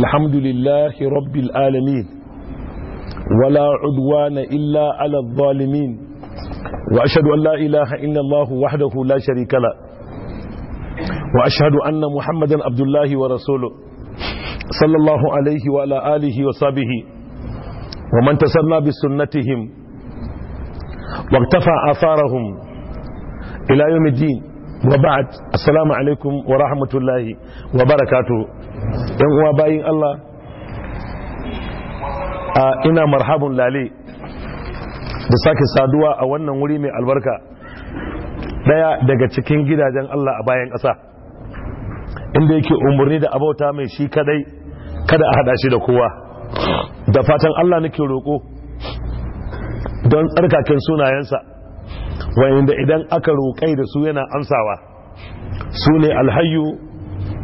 الحمد لله رب العالمين ولا عدوان إلا على الظالمين وأشهد أن لا إله إلا الله وحده لا شريك له وأشهد أن محمدا عبد الله ورسوله صلى الله عليه وعلى آله وصحبه ومن تسنى بسنتهم واقتفى آثارهم إلى يوم الدين وبعد السلام عليكم ورحمة الله وبركاته yan uwa bayin Allah a ina marhabun lale da sake saduwa a wannan wuri mai albarka daya daga cikin gidajen Allah a bayan ƙasa inda yake umarni da abauta mai shi kadai kada a hada shi da kowa da fatan Allah nake roƙo don tsarkaken sunayensa wanda idan aka roƙai da su yana amsawa su ne alhayu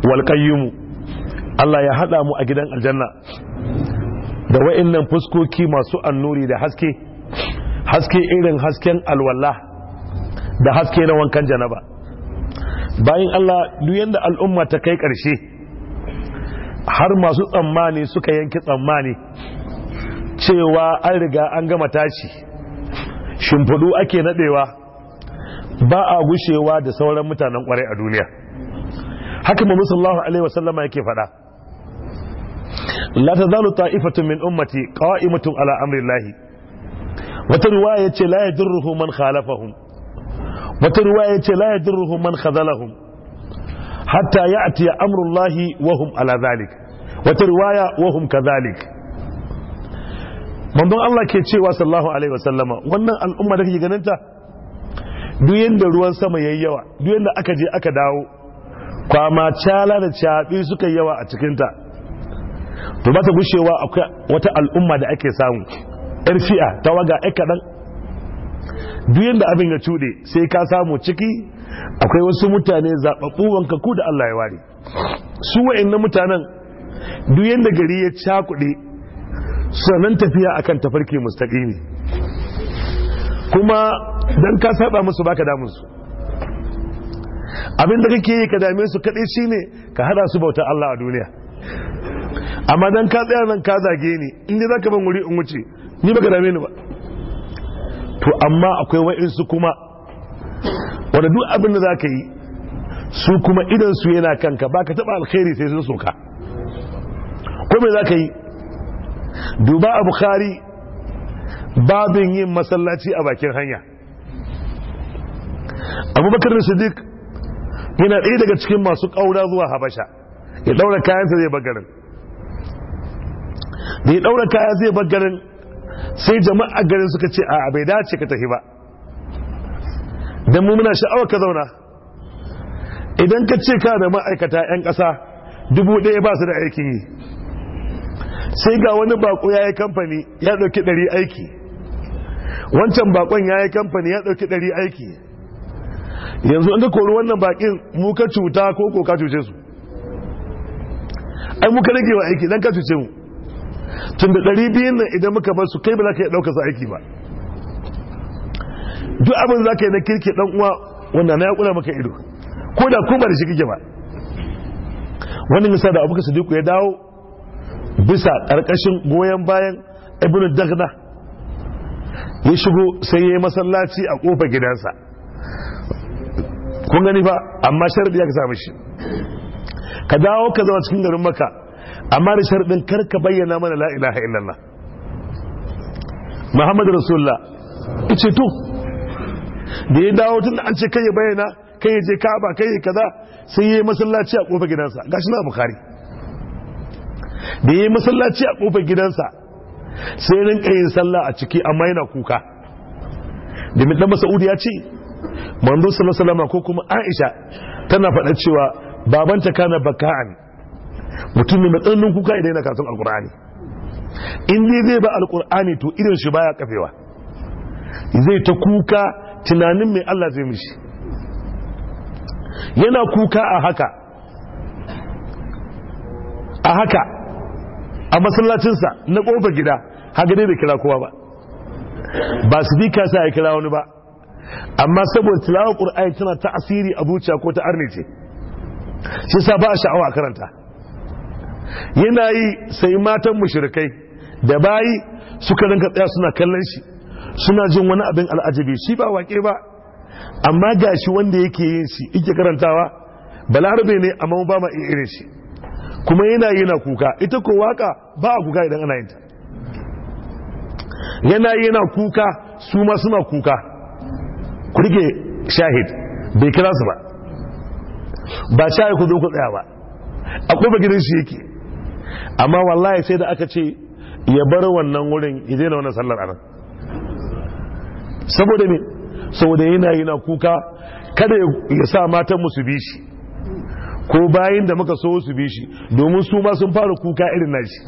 walƙayyumu Allah ya haɗa mu a gidan aljanna da wa'innan fuskoki masu annuri da haske haske irin hasken alwala da haske na wankan janaba bayan Allah duk yanda al'umma ta kai ƙarshe har masu tsammani suka yanki tsammani cewa an riga an gama tashi shimfiɗu ake naɗewa ba a gushewa da sauran mutanen kwarai a duniya haka mu sallallahu alaihi wasallama yake faɗa la tazalu ta'ifatu min ummati qa'imatun ala amri llahi wata riwaya yace la yadurruhu man khalafahum wata riwaya yace la yadurruhu man khadalahum hatta ya amru llahi wa hum ala dhalik wata riwaya wa hum kadhalik manzon Allah ke cewa sallallahu alaihi wannan al'umma da ganinta duk ruwan sama yayi yawa duk da aka je aka dawo kwama cala da caɓi suka yawa a cikinta to ba ta gushewa akwai wata al'umma da ake samu yar fi'a ta waga ai kaɗan duk yadda abin ya cuɗe sai ka samu ciki akwai wasu mutane zaɓaɓɓu ku da Allah ya ware su na mutanen duk yadda gari ya ca cakuɗe sannan tafiya akan tafarki mustaƙimi kuma dan ka saba musu baka damun su abin da kake yi ka dame su kaɗai shine ka hada su bauta Allah a duniya amma dan ka tsaya nan ka zage ni inda zaka ban wuri in wuce ni baka dame ni ba to amma akwai wa'insu kuma wanda duk abin da za ka yi su kuma idan su yana kanka ba ka taɓa alkhairi sai sun soka ko me za ka yi duba a bukhari babin yin masallaci a bakin hanya abubakar siddiq yana ɗaya daga cikin masu ƙaura zuwa habasha ya ɗaura kayansa zai bagarin da ya daura kaya zai bar garin sai jama'a garin suka ce a bai dace ka tafi ba dan mu muna sha'awar ka zauna idan ka ce ka da ma'aikata yan ƙasa dubu ɗaya ba su da aikin yi sai ga wani bako ya yi kamfani ya ɗauki ɗari aiki wancan bakon ya yi kamfani ya ɗauki ɗari aiki yanzu an ka kori wannan bakin muka cuta ko ko ka cuce su ai muka rage wa aiki dan ka cuce mu tun da ɗari biyun nan idan muka bar su kai ba za ka yi ɗaukar su aiki ba duk abin za ka yi na kirki ɗan uwa wanda na ya kula maka ido ko da kuma ba da shi kike ba wani misali da abubakar sadiku ya dawo bisa ƙarƙashin goyon bayan ibn dagna ya shigo sai ya yi masallaci a ƙofar gidansa kun gani ba amma sharadi ya ka samu shi ka dawo ka zama cikin garin maka amma da sharɗin karka bayyana mana la ilaha illallah muhammad rasulullah ce to da ya dawo tun da an ce kai ya bayyana kai ya je ka'aba kai ya kaza sai ya yi masallaci a kofar gidansa gashi na bukari da ya yi masallaci a kofar gidansa sai ya rinka yin sallah a ciki amma yana kuka mai dan sa'udi ya ce manzo sallallahu alaihi ko kuma aisha tana faɗa cewa babanta kana baka'an mutum ne mai tsananin kuka idan yana karatun alkur'ani in dai zai ba alkur'ani to irin shi baya kafewa zai ta kuka tunanin mai Allah zai mishi yana kuka a haka a haka a masallacinsa na kofar gida haka dai bai kira kowa ba ba su bi kasa ya kira wani ba amma saboda tilawar ƙur'ani tana ta asiri a zuciya ko ta arnice shi sa ba a sha'awa a karanta yana yi sai matan mushrikai da bayi suka rinka tsaya suna kallon shi suna jin wani abin al'ajabi shi ba wake ba amma gashi wanda yake yin shi yake karantawa balarabe ne amma ba ma irin shi kuma yana yana kuka ita ko waka ba a kuka idan ana yin ta yana yana kuka su ma suna kuka ku rike shahid bai kira su ba ba shahid ku zo ku tsaya ba akwai bagirin shi yake amma wallahi sai da aka ce ya bar wannan wurin ya daina wannan sallar anan saboda ne saboda yana yana kuka kada ya sa matan musu bi shi ko bayin da muka so su bi shi domin su ma sun fara kuka irin nashi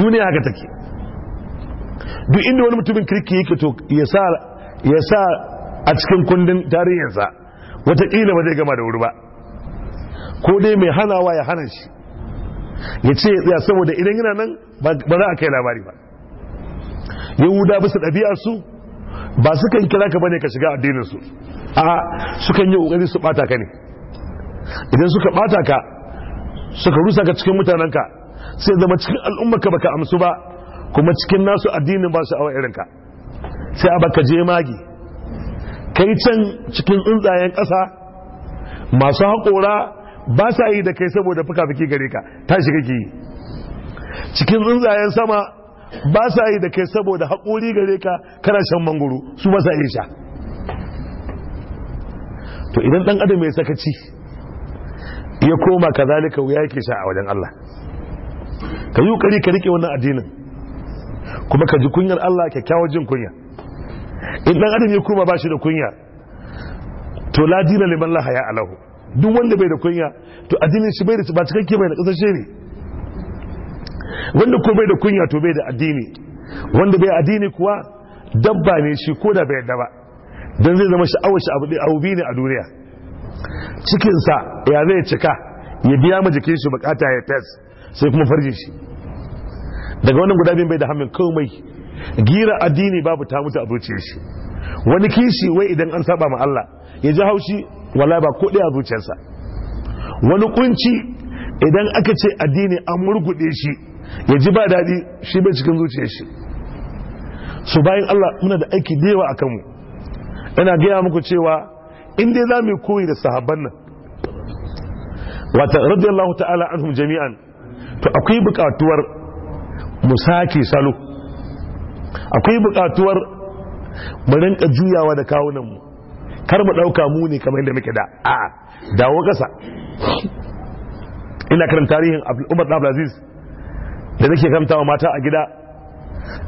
duniya haka take duk inda wani mutumin kirki yake to ya sa a cikin kundin tarihinsa wataƙila ba zai gama da wuri ba ko dai mai hanawa ya hana shi ya ce ya tsaya saboda idan yana nan ba za a kai labari ba yahuda bisa ɗabi'ar su ba su kan kira ka bane ka shiga addinin su a sukan yi ƙoƙari su ɓata ka ne idan suka ɓata ka suka rusa ka cikin mutanen ka sai zama cikin ba ka baka amsu ba kuma cikin nasu addinin ba su awa irin ka sai a baka je magi kai can cikin tsuntsayen ƙasa masu haƙora ba sa yi da kai saboda fuka-fuki gare ka tashi kake yi cikin tsuntsayen sama ba sa yi da kai saboda haƙuri gare ka kana shan mangoro su ba sa yi sha to idan ɗan adam ya sakaci ya koma kazalika wuya yake sha a wajen Allah ka yi ƙoƙari ka riƙe wannan addinin kuma ka ji kunyar Allah kyakkyawar jin kunya in ɗan adam ya koma ba shi da kunya to la dina liman la haya alahu duk wanda bai da kunya to addinin shi bai da ba cikakke bai da kasashe ne wanda ko bai da kunya to bai da addini wanda bai addini kuwa dabba ne shi ko da bai yadda ba dan zai zama sha'awar shi abu ne a duniya cikinsa ya zai cika ya biya ma jikin shi bukata ya fes sai kuma farji shi daga wannan guda biyun bai da hamin komai gira addini babu ta mutu a zuciyar shi wani kishi wai idan an saba ma Allah ya ji haushi wallahi ba kudi a zuciyarsa wani kunci idan aka ce addini an murgude shi ya ji ba daɗi shi bai cikin zuciyar shi su bayan Allah muna da aiki da yawa a kanmu ina gaya muku cewa in dai za mu koyi da sahabban nan wata radiyallahu ta'ala anhum jami'an to akwai buƙatuwar mu sake salo akwai bukatuwar mu rinka juyawa da kawunan mu. kar mu ɗauka mu ne kamar yadda muke da a dawo ƙasa ina karin tarihin umar abdulaziz da nake kamtawa mata a gida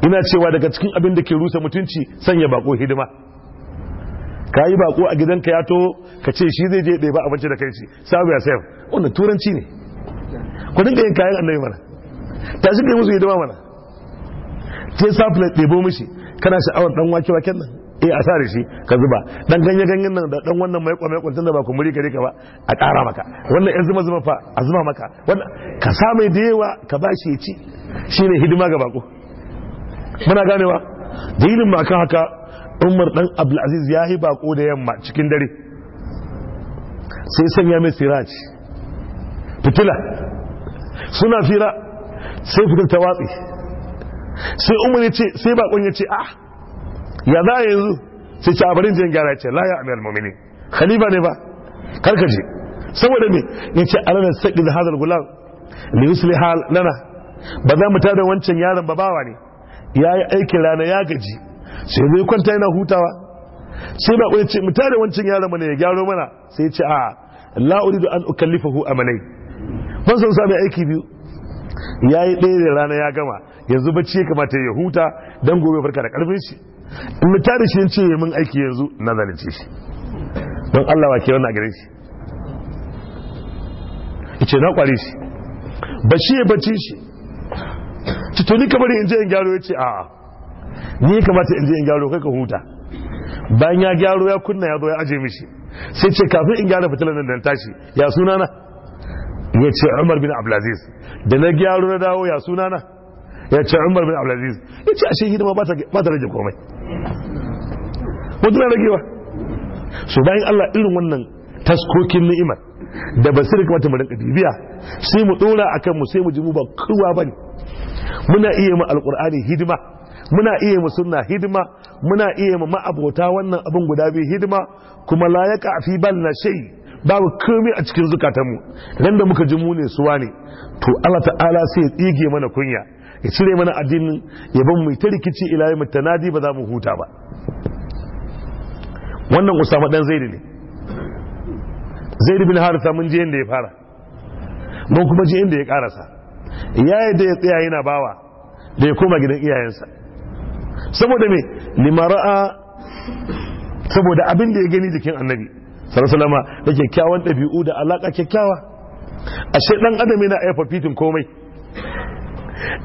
ina cewa daga cikin abin da ke rusa mutunci sanya bako hidima ka yi bako a gidanka ya to ka ce shi zai je ɗaya ba abinci da kai ci sabu ya sayar wannan turanci ne ku dinga yin kayan annabi mana ta shi kai musu hidima mana sai sabu ɗebo mishi kana sha'awar ɗan wake waken nan eh a sare shi ka zuba dan ganye ganyen nan da dan wannan mai kwame kwantun da ba ku muri gare ka ba a ƙara maka wannan yan zuma zuma fa a zuma maka wannan ka sa mai da yawa ka ba shi ya ci shine hidima ga bako muna ganewa dalilin ma kan haka Umar dan Abdulaziz ya yi bako da yamma cikin dare sai sanya mai siraj fitila suna fira sai fitar ta watsi sai umar ya ce sai bakon ya ce ah ya za a yanzu sai ci abarin jin gyara ce laye ya amir mumini khalifa ne ba karkace saboda ne ya ce ranar saƙi da hazar gulam da yusli hal ba za mu tada wancan yaron ba bawa ne ya yi aikin rana ya gaji sai zai kwanta yana hutawa sai ba kwaye ce mu tada wancan yaron mana ya gyaro mana sai ce a la uridu an ukallifahu amalai ban san sami aiki biyu ya yi ɗaya da rana ya gama yanzu bacci ya kamata ya huta don gobe farka da ƙarfin shi in na tare shi ce mun min aiki yanzu na zalunce shi don Allah wa ke wannan gare shi yace na kware shi ba shi ya bace shi ci to ni kamar in je in gyaro yace a'a ni kamata in je in gyaro kai ka huta bayan ya gyaro ya kunna ya zo ya aje mishi sai ce kafin in gyara fitilar nan dan tashi ya sunana ya ce Umar bin Abdulaziz da na gyaro na dawo ya sunana ya ce umar bin abdulaziz ya ce shi hidima ba ta rage komai mutum ragewa so bayan allah irin wannan taskokin ni'imar da ba kamata mu marin bibiya sai mu dora a kanmu sai mu ji mu ba kowa ne? muna iya mu alqur'ani hidima muna iya mu sunna hidima muna iya mu ma'abota wannan abin guda biyu hidima kuma layaka a fi balna shay babu komai a cikin zukatanmu ran da muka ji mu ne suwa ne to Allah ta'ala sai ya tsige mana kunya ya cire mana addinin ya ban mai ta rikici ila yau tanadi ba za mu huta ba wannan usama dan Zaidu ne Zaidu bin harisa mun je yadda ya fara mun kuma je inda ya karasa ya yadda ya tsaya yana bawa da ya koma gidan iyayensa saboda me limara'a saboda abin da ya gani jikin annabi sarasalama da kyakkyawan ɗabi'u da alaƙa kyakkyawa ashe ɗan adam yana yi fafitin komai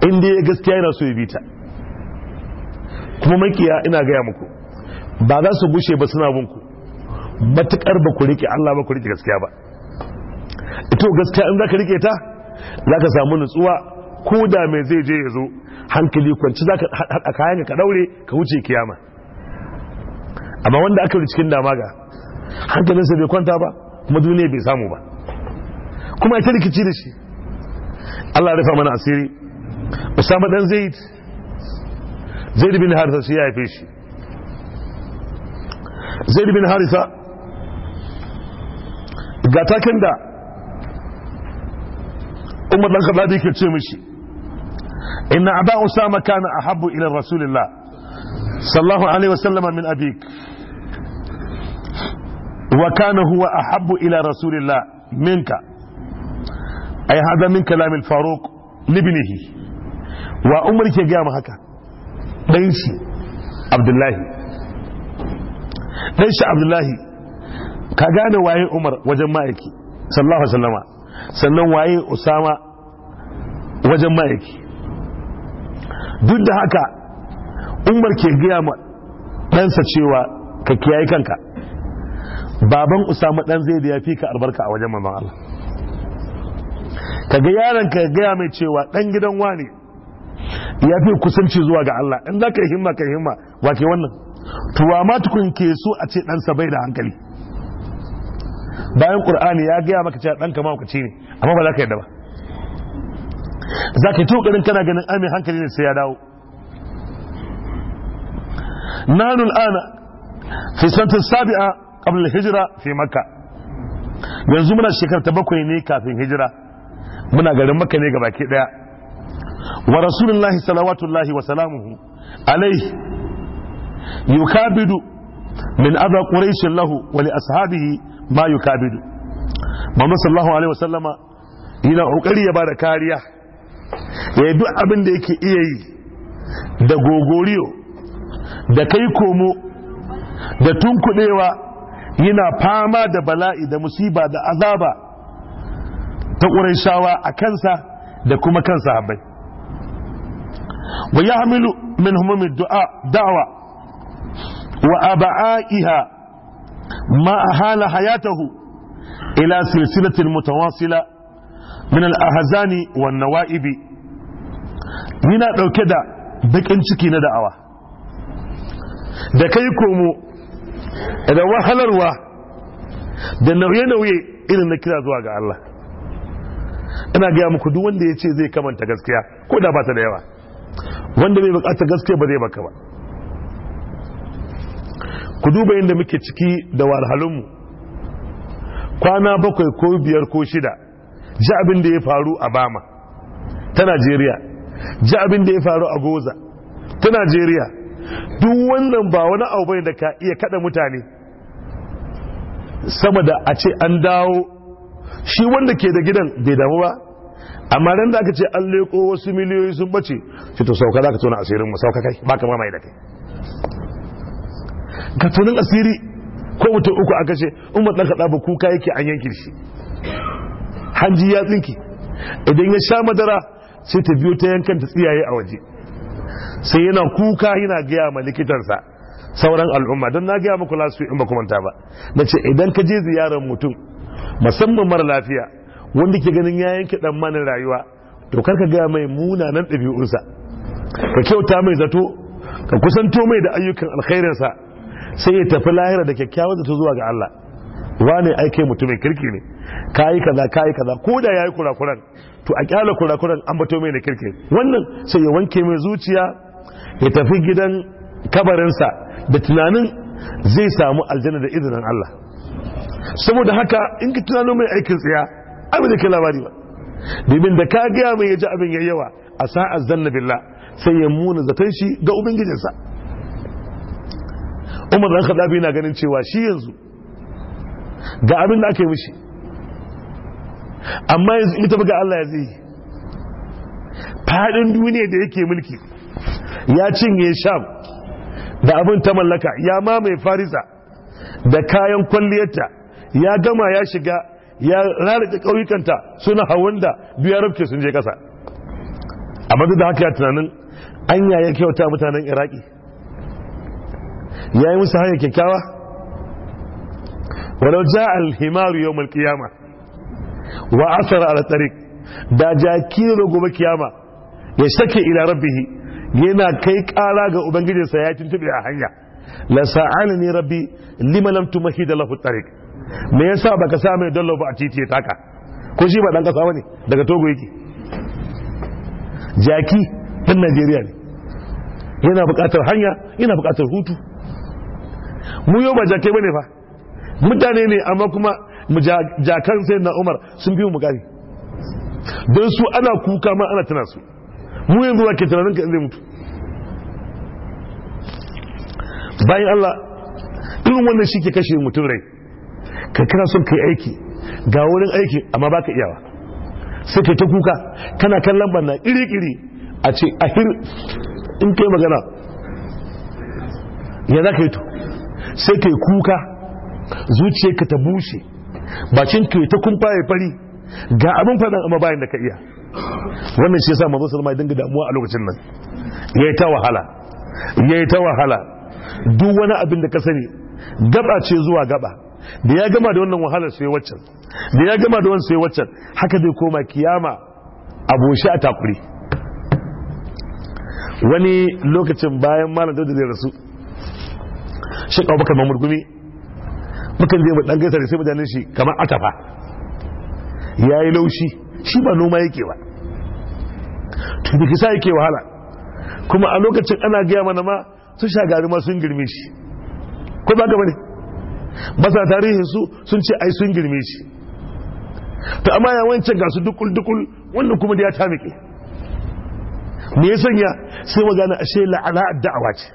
in ya gaskiya yana so ya bi ta kuma makiya ina gaya muku ba za su gushe ba suna bunku matukar ba ku rike Allah ba ku rike gaskiya ba ito gaskiya in zaka rike ta zaka samu nutsuwa ko da mai zai je ya zo hankali kwanci zaka haɗa kayan ka ɗaure ka wuce kiyama amma wanda aka yi cikin dama damaga hankalinsa bai kwanta ba kuma duniya bai samu ba kuma ita rikici da shi Allah ya rufa mana asiri usama dan zaid zaid bin harisa shi ya haife shi zaid bin harisa ga takin da umar dan kaza yake ce mishi inna aba usama kana ahabbu ila rasulillah sallallahu alaihi wasallam min abik wa kana huwa ahabbu ila rasulillah minka ay hada min kalam al-faruq libnihi wa umar ke gaya haka ɗan shi abdullahi ɗan shi abdullahi ka gane waye umar wajen ma'aiki sallallahu alaihi wasallama sannan waye usama wajen ma'aiki duk da haka umar ke gaya ma ɗansa cewa ka kiyaye kanka baban usama ɗan zai da ya fi ka albarka a wajen manzon Allah ga yaron ka gaya mai cewa ɗan gidan wane ya fi kusanci zuwa ga Allah in za ka yi himma ka yi himma ba ke wannan tuwa ma tukun ke so a ce ɗansa bai da hankali bayan ƙur'ani ya gaya maka cewa ɗanka ma ce ne amma ba za ka yadda ba za ka yi tukarin kana ganin amin hankali ne sai ya dawo nanul ana. fi santin sabi'a da hijira fi makka yanzu muna shekara ta bakwai ne kafin hijira muna garin Maka ne baki daya wa rasulullahi salawatullahi wa salamuhu alaihi yukabidu min adha quraish lahu wa li ashabihi ma yukabidu Muhammad sallallahu alaihi wasallama yana kokari ya bada kariya ya duk abin da yake iya yi da gogoriyo da kai komo da tunkudewa yana fama da bala'i da musiba da azaba ta ƙurayshawa a kansa da kuma kansa habai wa yahmilu min humumi du'a da'awa wa aba'iha ma haya hayatahu ila silsilatin mutawasila min al-ahzani wan nawa'ibi yana ɗauke da bakin ciki na da'awa da kai komo da wahalarwa da nauye-nauye irin na kira zuwa ga Allah ina gaya muku duk wanda ya ce zai kamanta gaskiya ko da ba ta da yawa wanda bai bukata gaske ba zai baka ba ku duba yadda muke ciki da walhalunmu kwana bakwai ko biyar ko shida ji abin da ya faru a bama ta najeriya ji abin da ya faru a goza ta najeriya duk wannan ba wani abu bai da ka iya kada mutane sama da a ce an dawo shi wanda ke da gidan bai damu ba amma ran da aka ce an leko wasu miliyoyi sun bace ce to sauka za ka tona asirin mu sauka kai ba ka mamaye da kai ka tonin asiri ko mutum uku aka ce in ba ɗan ba kuka yake an yankin shi hanji ya tsinki idan ya sha madara sai ta biyo ta yankan ta tsiyaye a waje sai yana kuka yana gaya ma likitansa sauran al'umma don na gaya muku lasu in ba ta ba na idan ka je ziyarar mutum musamman mara lafiya wanda ke ganin ya yanke dan manin rayuwa to kar ka gaya mai munanan ɗabi'unsa ka kyauta mai zato ka kusanto mai da ayyukan alkhairinsa sai ya tafi lahira da kyakkyawan zato zuwa ga Allah wane aike mutumin kirki ne kayi kaza kayi kaza ko da yayi kurakuran to a kyala kurakuran an bato mai da kirki wannan sai ya wanke mai zuciya ya tafi gidan kabarinsa da tunanin zai samu aljanna da izinin Allah saboda haka in ka tunano mai aikin tsiya abin da ke labari ba domin da ka gaya mai yaji abin ya yawa a sa'ar zanna sai ya muna zaton shi ga ubangijinsa umar dan khadabi na ganin cewa shi yanzu ga abin da ake mishi amma yanzu in tafi ga Allah ya zai Faɗin duniya da yake mulki ya cinye sham da abin ta mallaka ya mamaye farisa da kayan kwalliyarta ya gama ya shiga ya rarrake ƙauyukanta suna hawan da biyar rafke sun je kasa. a matu da haka ya tunanin an yaya kyauta mutanen iraki ya yi musu hanyar kyakkyawa walau ja alhimaru yau malkiyama wa asar al tariq da jaki da gobe kiyama ya sake ila rabbihi yana kai kara ga ubangijinsa ya tuntube a hanya la sa'alani rabi lima lam da lahu tariq me yasa baka sa mai dallo ba a titi taka ko shi ba dan kasa bane daga togo yake jaki din najeriya ne yana buƙatar hanya yana buƙatar hutu mu yau ba jake bane fa mutane ne amma kuma jakan sai na umar sun fi mu gari don su ana kuka ma ana tana su mu yanzu wake ke tunanin ka zai mutu bayan Allah irin wannan shi ke kashe mutum rai ka kira son ka yi aiki ga wurin aiki amma ba iya iyawa sai ka ta kuka kana kan lambar na iri-iri a ce ahir in kai magana ya za ka yi to sai ka yi kuka zuciya ka ta bushe bacin ka yi ta kumfa ya fari ga abin fadan amma bayan da ka iya wannan shi yasa manzo sallama dinga damuwa a lokacin nan yayi ta wahala yayi ta wahala duk wani abin da ka sani gaba ce zuwa gaba da ya gama da wannan wahalar sai waccan da ya gama da wannan sai waccan haka zai koma kiyama aboshi a takuri wani lokacin bayan malam da zai rasu shi kawo baka gumi mukan zai mu dan gaisa da sai mutanen shi kamar atafa yayi laushi shi ba noma yake ba to bi kisa yake wahala kuma a lokacin ana gaya mana ma su shagari ma sun girme shi ko ba ga bane masa tarihin su sun ce ai sun girme shi to amma ya wancan ga su dukul dukul wannan kuma da ya tamike me ya sanya sai magana ashe la'ala da'awa ce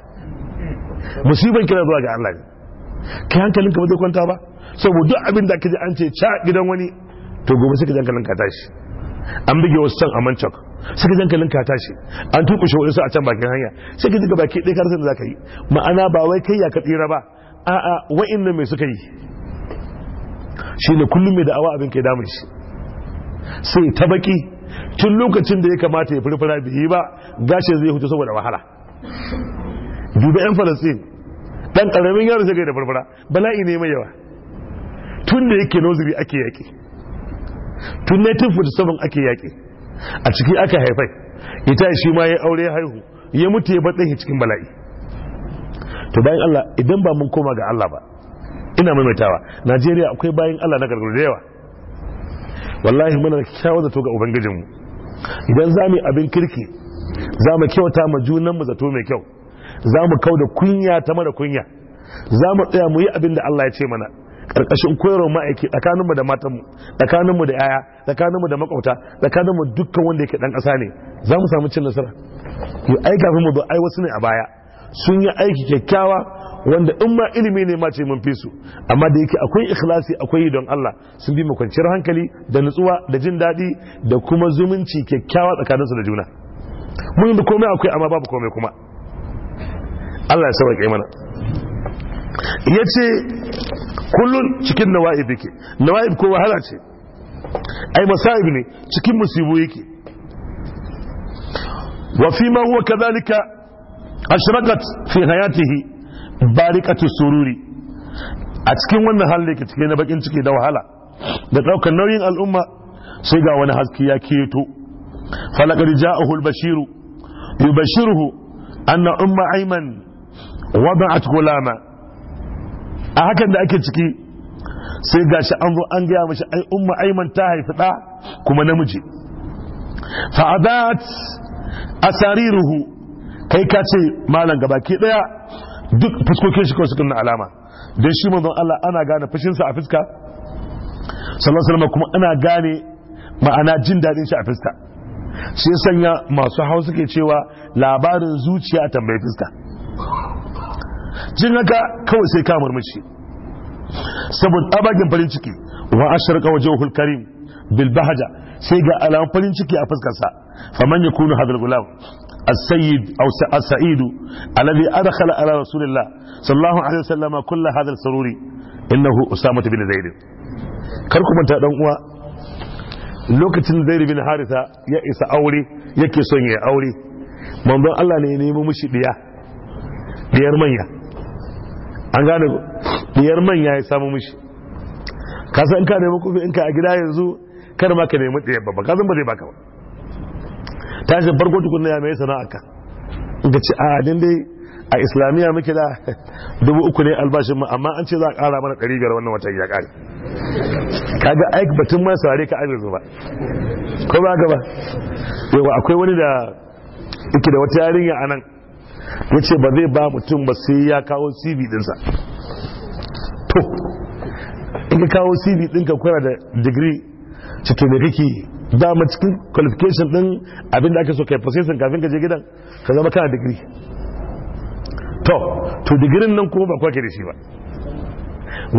musiban kira zuwa ga Allah ne kai hankalinka ba zai kwanta ba saboda duk abin da kaje an ce ca gidan wani to gobe sai ka jankalin ka tashi an bige wasu can a mancok sai ka jankalin ka tashi an tukushe su a can bakin hanya sai ka ji baki ɗaya karsan da za ka yi ma'ana ba wai kai ya ka tsira ba a'a wa'annan mai suka yi shi ne kullum mai da'awa abin ke damun shi sai ta baki tun lokacin da ya kamata ya firfira bai yi ba gashin zai hutu saboda wahala dubi yan falasin dan karamin yaro sai da firfira bala'i ne mai yawa tun da yake nozuri ake yaƙi tun tun saman ake yaƙi a ciki aka haifai ita shi ma ya aure haihu ya mutu ya batsahi cikin bala'i to bayan Allah idan ba mun koma ga Allah ba ina maimaitawa Najeriya akwai bayan Allah na gargaru da yawa wallahi muna da kyawun zato ga ubangijinmu idan za mu abin kirki za mu kyauta ma junan mu zato mai kyau za mu kau da kunya ta mara kunya za mu tsaya mu yi abin da Allah ya ce mana karkashin koyarwar ma'aiki mu da matanmu mu da yaya mu da makwabta mu dukkan wanda yake dan ƙasa ne za mu samu cin nasara ai kafin mu zo ai wasu ne a baya sun yi aiki kyakkyawa wanda in ma ilimi ne ma ce mun fi su amma da yake akwai ikhlasi akwai don Allah sun bi mu kwanciyar hankali da nutsuwa da jin daɗi da kuma zumunci kyakkyawa tsakaninsu da juna mun yi komai akwai amma babu komai kuma Allah ya sauke mana yace kullun cikin nawa'ib yake nawa'ib ko wahala ce ai masa'ib ne cikin musibo yake wa fi ma huwa kadhalika ashraqat fi hayatihi barikatu sururi a cikin wannan halin da ke cike na bakin ciki da wahala da daukar nauyin al'umma sai ga wani haske ya keto falakar ja'ahu al-bashiru yubashiruhu anna umma ayman wada'at gulama a hakan da ake ciki sai gashi an zo an gaya mashi ai umma ayman ta haifi da kuma namiji fa'adat asariruhu kai ka ce malam gaba ke daya duk fuskokin shi kawai suka nuna alama don shi manzon Allah ana gane fushinsa a fuska sallallahu alaihi kuma ana gane ma'ana jin dadin shi a fuska shi sanya masu hausa suke cewa labarin zuciya tambayi fuska jin haka kawai sai ka murmushi saboda abagin farin ciki wa asharqa wajhul karim bil bahaja sai ga alamun farin ciki a fuskarsa faman yakunu hadal gulam السيد أو السعيد الذي أدخل على رسول الله صلى الله عليه وسلم كل هذا السرور إنه أسامة بن زيد كركم أنت أدنوا lokacin zairi bin harisa ya isa aure yake son ya aure manzon Allah ne ya nemo mishi diyar manya an gane diyar manya ya samu mishi ka san ka nemi kufi in ka a gida yanzu kar ma ka nemi diyar babba ka san zai baka ba tashin farko tukunna ya mai sana'a ka ga ce a din dai a islamiyya muke da dubu uku ne albashin mu amma an ce za a kara mana ɗari biyar wannan watan ya kare kaga aik batun ma saurare ka abin ba ko ba gaba yawa akwai wani da yake da wata yarinya a nan ya ce ba zai ba mutum ba sai ya kawo cv dinsa to in ka kawo cv ɗinka kuna da digiri cikin rikiki. kake dama cikin qualification din abinda ake so kai processing kafin ka je gidan ka zama kana digiri to to digirin nan kuma ba kwa da shi ba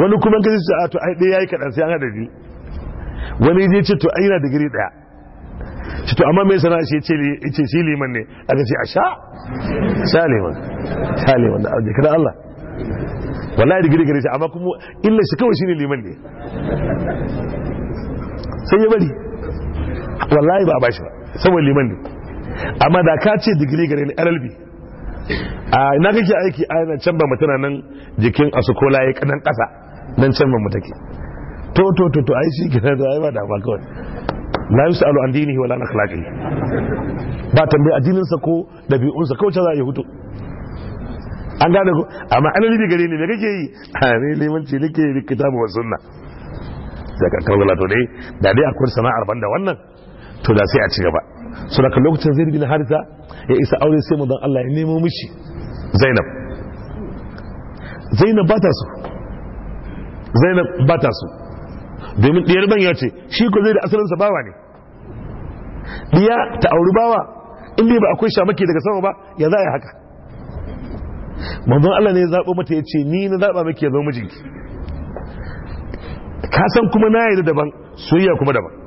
wani kuma ka shi a ah, to ai dai yayi kaɗan sai an hada ni. wani je ce to ai yana digiri ɗaya ce to amma me yasa shi ce ce shi liman ne aka ce a sha sha liman sha liman da arziki kada Allah wallahi digiri gare shi amma kuma illa shi kawai shine liman ne sai ya bari wallahi ba a bashi ba saboda liman ne amma da ka ce digiri gare ni LLB a ina kake aiki a yana can ba mu tana nan jikin asukola ya kadan kasa nan can ba mu take to to to to ai shi kira da ai ba da ba kawai la yusalu an dinihi wala an akhlaqihi ba tambaye addinin sa ko dabi'un sa kawai za a yi hutu an gane ku amma LLB gare ni me kake yi a ne limanci nake kitabu wa sunna sai ka kawo da dai da dai akwai sana'ar banda wannan to da sai a ci gaba so daga lokacin zai bin harita ya isa aure sai mu dan Allah ya nemo mishi zainab zainab ba ta so zainab ba ta so domin ɗiyar ban ya ce shi ko zai da asalinsa bawa ne ɗiya ta auri bawa in bai ba akwai shamaki daga sama ba ya za a yi haka manzon Allah ne ya zaɓo mata ya ce ni na zaɓa maki ya zama mijinki ka san kuma na yi daban soyayya kuma daban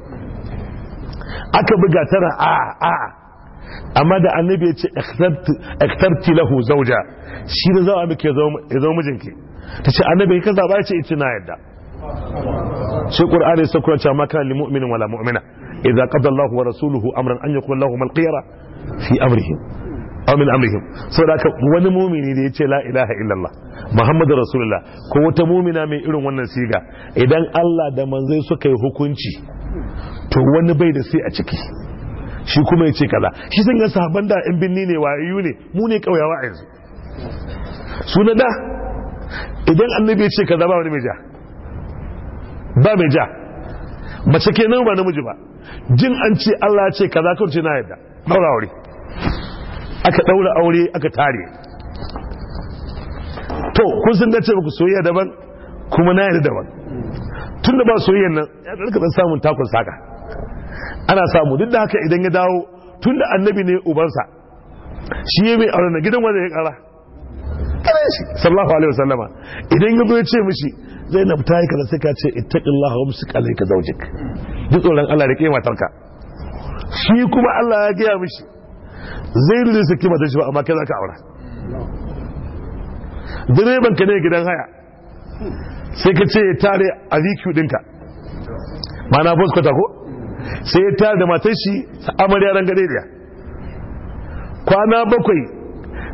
aka buga tara a a amma da annabi ya ce ikhtarti lahu zauja shi da zawa muke ya zama mijinki ta ce annabi ka zaba ce ita na yadda shi qur'ani ya sauka cewa maka lil mu'minin wala mu'mina idza qada wa rasuluhu amran an yakuna lahum al-khiyara fi amrihim aw min amrihim saboda ka wani mumini da yace la ilaha illallah muhammadur rasulullah ko wata mumina mai irin wannan siga idan Allah da manzai suka yi hukunci to wani bai da sai a ciki shi kuma yace kaza shi sun ga sahabban da in binni ne wayu ne mu ne kauyawa a yanzu su na da idan annabi ya ce kaza ba wani mai ja ba mai ja mace kenan ba namiji ba jin an ce Allah ya ce kaza kawai ce na yadda daura wuri aka ɗaura aure aka tare to kun san dace ku soyayya daban kuma na yarda daban tun da ba soyayyan nan ya ɗarka ɗan samun takun saka ana samu duk da haka idan ya dawo tun da annabi ne ubansa shi ya mai aure na gidan wanda ya kara kare sallallahu alaihi wasallama idan ya zo ya ce mishi zainab ta yi kaza sai ka ce ittaqillaha wa musik alayka zawjik duk tsoron Allah da kiyama tarka shi kuma Allah ya gaya mishi zai su saki da shi ba amma kai za ka aura direban ka ne gidan haya sai ka ce ya tare a vq dinka mana kwata ko sai ya tare da matar shi amarya ran gaderiya kwana bakwai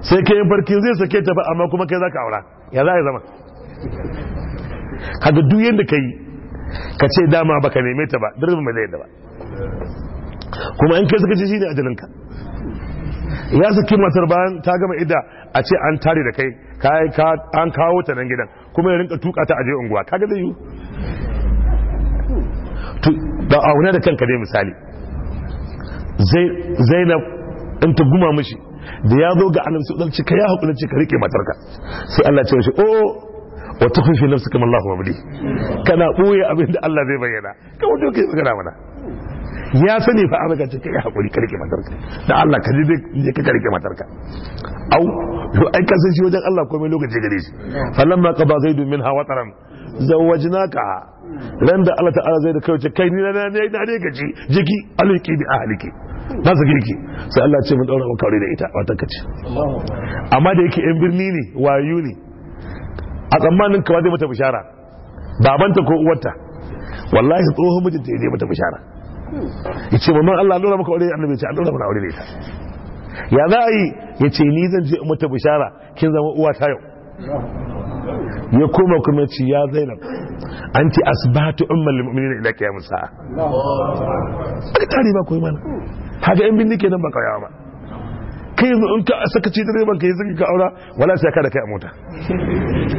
sai ka yi farkin zai sake ta ba amma kuma kai za ka aura ya za a zama kaga duk yadda ka yi ka ce dama ka neme ta ba direban mai zai da ba kuma in kai suka ce shi ne jininka ya saki matar bayan ta gama idda a ce an tare da kai an kawo ta nan gidan kuma ya rinka tuka ta aje unguwa kaga zai yi da auna da kanka dai misali zainab in ta guma mishi da ya zo ga annabi dalci alaihi ya hakuri ci ka rike matarka sai Allah ce shi oh wa tukhfi nafsaka Allah wa wabli kana boye abin da Allah zai bayyana kawai dole kai magana mana ya sani fa aka ce kai hakuri karke matarka da Allah ka je je ka karke matarka au to ai ka san shi wajen Allah komai lokaci gare shi falamma qada zaidun minha wataran zawajnaka ran da Allah ta'ala zai da kai ce kai ni na ne da ne gaji jiki aliki bi ahliki na su girki sai Allah ce mu daura maka aure da ita wata kace amma da yake yan birni ne wayu ne a tsammanin kawai zai mata bishara babanta ko uwarta wallahi tsohon mijinta ya zai mata bishara ya ce mamman Allah lura maka aure annabi ce an lura mana aure ne ta. ya za a yi ya ce ni zan je mata bishara kin zama uwa ta yau ya koma kuma ce ya zainab an ce asbatu ummal mu'minin ila qiyamus sa'a ai tare ba koyi mana haka in bindike nan ba kayawa ba kai in ka saka ci da ban kai zaka ka aura wala sai ka da kai a mota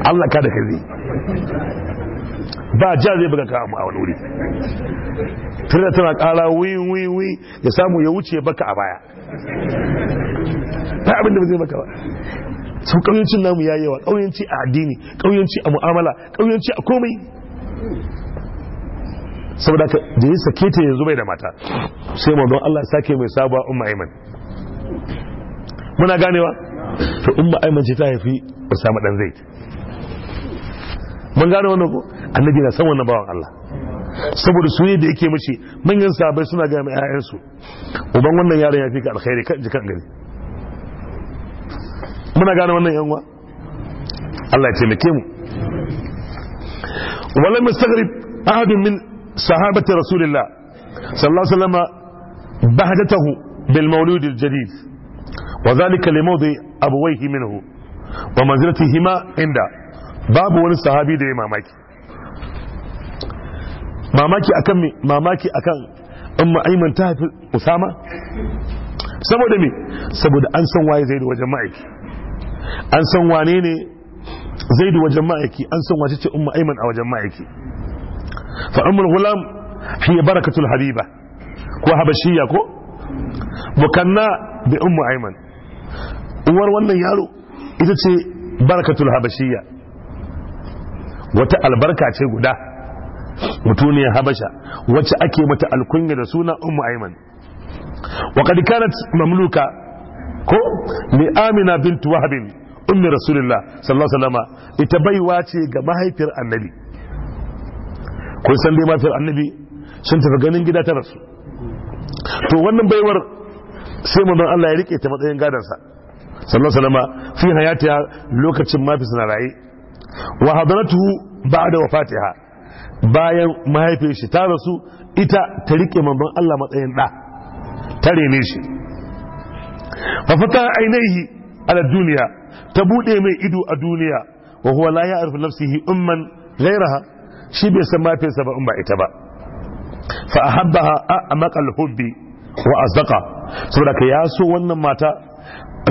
Allah ka da kai ba ja zai buga ka a wani wuri da tana kara win win ya samu ya wuce baka a baya ta abin da zai baka ba su ƙauyancin namu ya yawa ƙauyanci a addini ƙauyanci a mu'amala ƙauyanci a komai saboda ka da yi sake ta yanzu bai da mata sai don Allah sake mai sabuwa umma aiman muna ganewa to umma aiman ce ta haifi usama dan zaid mun gane wannan ko annabi na san wannan bawan Allah saboda su da yake mace manyan sabai suna ga mai su uban wannan yaron ya fi ka alkhairi kan jikan gari muna gane wannan yanwa Allah ya taimake mu wala mustaghrib ahad min sahabati rasulillah sallallahu alaihi wasallam bahdatahu bil mawlud al jadid wa zalika li mawdi abawayhi minhu wa manzilatihima inda babu wani sahabi da ya mamaki mamaki akan me mamaki akan umma aiman ta haifi usama saboda me saboda an san waye zai da wajen ma'aiki an san wane ne zai da wajen ma'aiki an san wace ce umma aiman a wajen ma'aiki fa ummul gulam hiya barakatul habiba ko habashiya ko bukanna bi ummu aiman uwar wannan yaro ita ce barakatul habashiya wata albarka ce guda mutuniyar habasha wacce ake mata alkunya da suna ummu aiman wa kad mamluka ko li amina bintu wahab ummi rasulullah sallallahu alaihi ita baiwa ce ga mahaifiyar annabi kun san dai mahaifiyar annabi sun tafi ganin gida ta rasu to wannan baiwar sai mu don Allah ya rike ta matsayin gadansa sallallahu alaihi wasallam fi hayatiya lokacin mafi na raye wa hadaratuhu ba'da Fatiha bayan mahaifiyar shi ta rasu ita ta rike manzon Allah matsayin da ta rene shi fa fata ainihi ala duniya ta bude mai ido a duniya wa huwa la ya'rifu nafsihi umman ghayraha shi bai san mahaifiyarsa ba in ba ita ba fa ahabbaha amaqal hubbi wa azdaqa saboda ka yaso wannan mata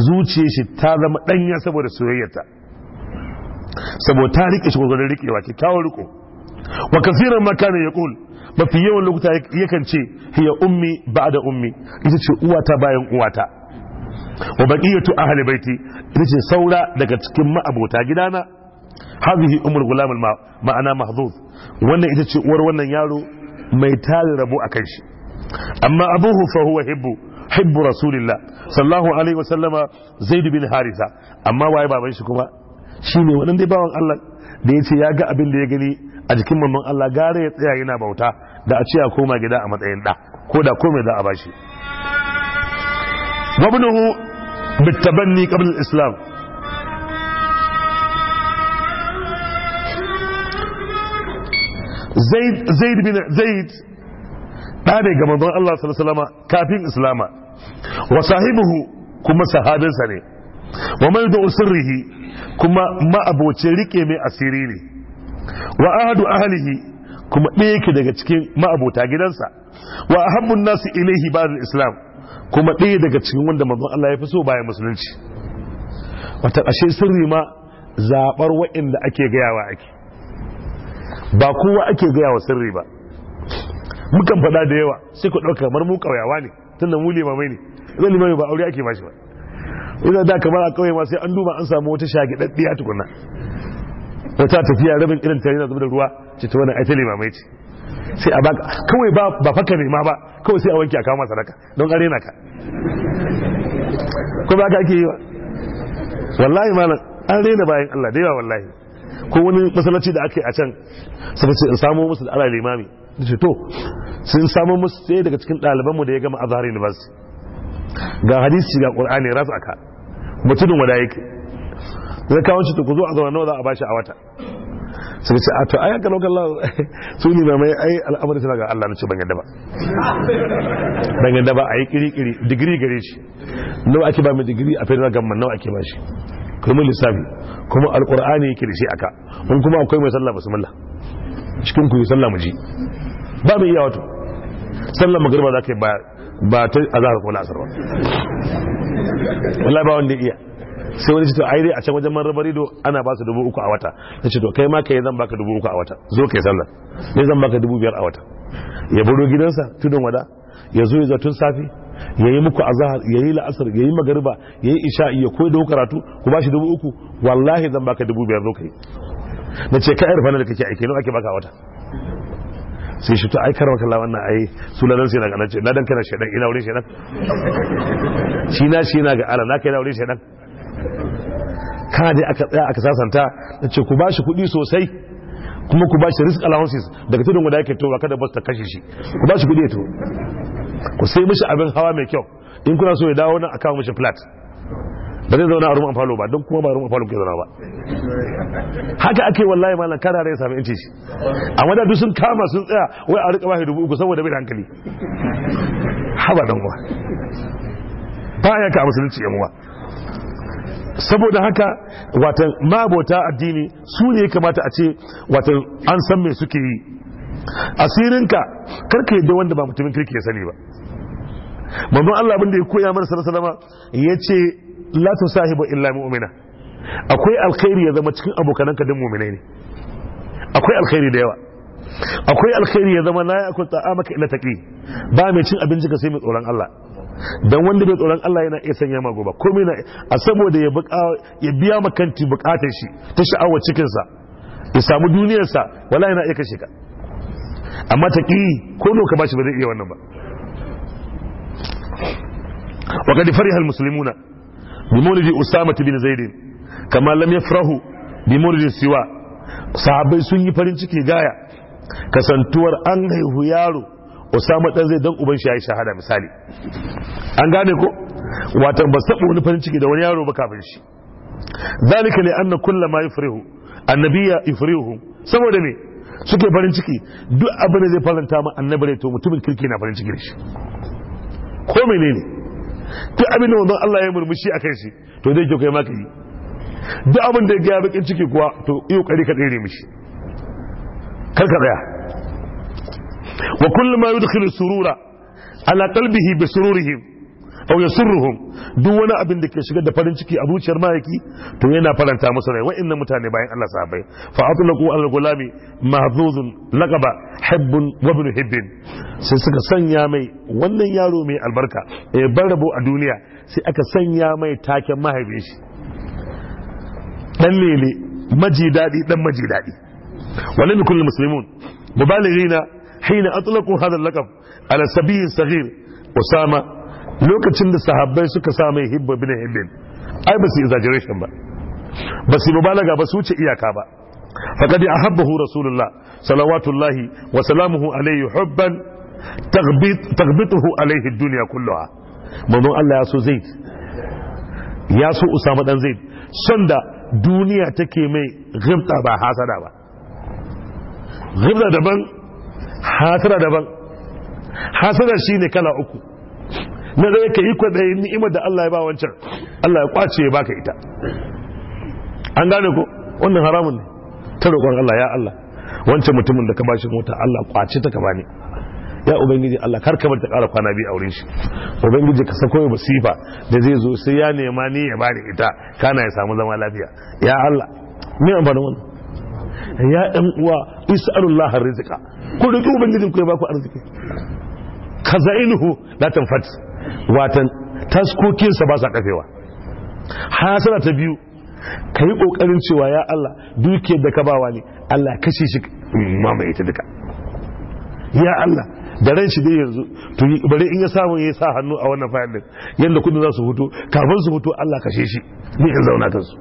zuciyar shi ta zama danya saboda soyayyarta saboda ta rike shi gwargwadon rikewa kyakkyawar riko wa kasirar makana ya kul mafi yawan lokuta yakan ce hiya ummi ba da ummi ita ce uwata bayan uwata wa baqiyatu ahali baiti ita ce saura daga cikin ma'abota gidana hadhihi ummul gulam ma'ana mahdhud wannan ita ce uwar wannan yaro mai tare rabo akan shi amma abuhu fa huwa hibbu hibbu rasulillah sallallahu alaihi wasallama zaid bin harisa amma waye baban shi kuma Shi ne waɗanda bawan Allah da ya ce ya ga abin da ya gani a jikin mamman Allah gare ya tsaya yana bauta da a ce ya koma gida a matsayin ɗa. ko da komai za a bashi wabnuhu bittabanni qabl islam zaid zaid bin zaid ɗane ga manzon Allah sallallahu alaihi kafin islama wa sahibuhu kuma sahabinsa ne wa mai da usirrihi kuma ma'abocin rike mai asiri ne wa ahadu ahlihi kuma ɗaya ke daga cikin ma'abota gidansa wa ahabbun nasu ilaihi da islam kuma ɗaya daga cikin wanda mazan Allah ya fi so bayan musulunci wata ashe sirri ma zabar wa'inda ake gayawa ake ba kowa ake gayawa sirri ba mukan faɗa da yawa sai ku ɗauka kamar mu ƙauyawa ne tunda mu limamai ne zan limamai ba aure ake ba shi ba ina da kamar a kauye ma sai an duba an samu wata shagidaddiya tukuna ta tafiya rabin irin tare na zuba da ruwa ce ta wannan aita limamai ce sai a baka kawai ba ba faka ne ma ba kawai sai a wanke a kawo masa don don na ka ko ba ka ake yi ba wallahi malam an rena bayan Allah da yawa wallahi ko wani masallaci da aka yi a can saboda sai in samo musu da Allah limami dace to sun samo musu sai daga cikin mu da ya gama azhar university ga hadisi ga qur'ani aka mutumin wada yake zai kawo shi ku zo a zaune za a bashi a wata suka ce a to ai aka lokal Allah su ne ba mai ai al'amari suna ga Allah na ce ban daba ba ban yadda ba a yi kiri kiri digiri gare shi nawa ake ba mai digiri a fere gamman nawa ake ba shi kuma lissafi kuma alqur'ani yake da shi aka in kuma akwai mai sallah bismillah cikin ku yi sallah mu ji ba mai iya wato sallar magriba za ka yi baya ba ta azhar ko la'asar ba wallahi ba wanda iya sai wani to ai dai a can wajen marabari do ana ba su dubu uku a wata ta ce to kai ma kai zan baka dubu uku a wata zo kai sallar ne zan baka dubu biyar a wata ya buru gidansa tudun wada ya zo ya zo tun safi ya yi muku azahar ya yi la'asar ya yi magariba ya yi isha ya koyi da karatu ku ba shi dubu uku wallahi zan baka dubu biyar zo kai na ce ka irfa da kake aiki nawa ake baka wata sai shi to ai karwa kalla wannan ai su ladan sai daga nace ladan kana shedan ina wurin shedan shi na shi na ga ala na kai na wurin shedan ka dai aka tsaya aka sasanta nace ku bashi kuɗi sosai kuma ku bashi risk allowances daga tudun guda yake towa kada boss ta kashe shi ku bashi kuɗi to ku sai mishi abin hawa mai kyau in kuna so ya dawo nan aka mishi flat ba zai zauna a rumun falo ba don kuma ba rumun falo ke zauna ba haka ake wallahi malam kana rai sami inci shi amma da duk sun kama sun tsaya wai a rika bashi dubu uku saboda bai da hankali haba dan uwa ba ya ka musulunci yan uwa saboda haka watan mabota addini su ne kamata a ce watan an san me suke yi asirinka karka yadda wanda ba mutumin kirki ya sani ba mamman Allah abin da ya koya mana sallallahu alaihi wasallam ce la sahiba illa mu'mina akwai alkhairi ya zama cikin abokananka din mu'minai ne akwai alkhairi da yawa akwai alkhairi ya zama la yakul ta'amaka illa taqi ba mai cin abinci ka sai mai tsoron Allah dan wanda bai tsoron Allah yana iya sanya magoba. ba komai na a saboda ya ya biya makanti bukatar shi ta sha'awar cikin sa ya samu duniyar sa wala yana iya kashe ka amma taqi ko no ka bashi ba zai iya wannan ba wa kad fariha بمولد أسامة بن زيد كما لم يفرحوا بمولد سوى sahabbai sun yi farin ciki gaya kasantuwar an haihu yaro Usama dan zai dan uban shi ya yi shahada misali an gane ko watan ba saba wani farin da wani yaro ba kafin shi zalika ne an na yufrihu annabiya yufrihu saboda me suke farinciki duk abin da zai faranta ma annabi to mutumin kirki na farin ciki da shi ko menene ne duk abin da wanzan Allah ya murmushi a kai shi to zai kyau kai maka yi duk abin da ya gaya bakin ciki kuwa to iyo kari ka tsere mishi karka tsaya wa kullum ma yudkhilu surura ala kalbihi bi sururihim aw yasurruhum duk wani abin da ke shigar da farin ciki a zuciyar mahaifi to yana faranta masa rai wa'annan mutane bayan Allah sahabbai fa atlaqu al gulami mahzuzun laqaba hibbun wa ibn hibbin sai suka sanya mai wannan yaro mai albarka e eh, barabo a duniya sai aka sanya mai taken mahaifin shi dan lele maji dadi dan maji dadi walam kullu muslimun mubalighina hina atlaqu hadha al laqab ala sabiyin saghir usama lokacin da sahabbai suka sa mai hibba bin hibbin ai ba su exaggeration ba ba su mubalaga ba su wuce iyaka ba faqad ahabbahu rasulullah salawatullahi wa salamuhu alayhi hubban taghbit taghbituhu alayhi ad-dunya kullaha mamman Allah ya so zaid ya so usama dan zaid son da duniya take mai ghibta ba hasada ba ghibta daban hasada daban hasada shine kala uku na zai ka yi kwaɗayin ni'imar da Allah ya ba wancan Allah ya kwace ya baka ita an gane ko wannan haramun ne ta roƙon Allah ya Allah wancan mutumin da ka bashi mota Allah kwace ta ka bani ya ubangiji Allah kar ka ta ƙara kwana biyu a wurin shi ubangiji ka sako masifa. da zai zo sai ya nema ni ya bari ita kana ya samu zama lafiya ya Allah me amfanin wannan ya ɗan uwa is'alullah arzika ku roki ubangijin ku ya ku arziki kazainuhu la tanfat watan taskokinsa ba sa kafewa hasara ta biyu ka yi ƙoƙarin cewa ya Allah dukiyar da ka bawa ne Allah kashe shi mamaye ta duka ya Allah da ran shi dai yanzu to bare in ya samu ya sa hannu a wannan fayil din yanda kudu za su fito kafin su fito Allah kashe shi ni in zauna ta su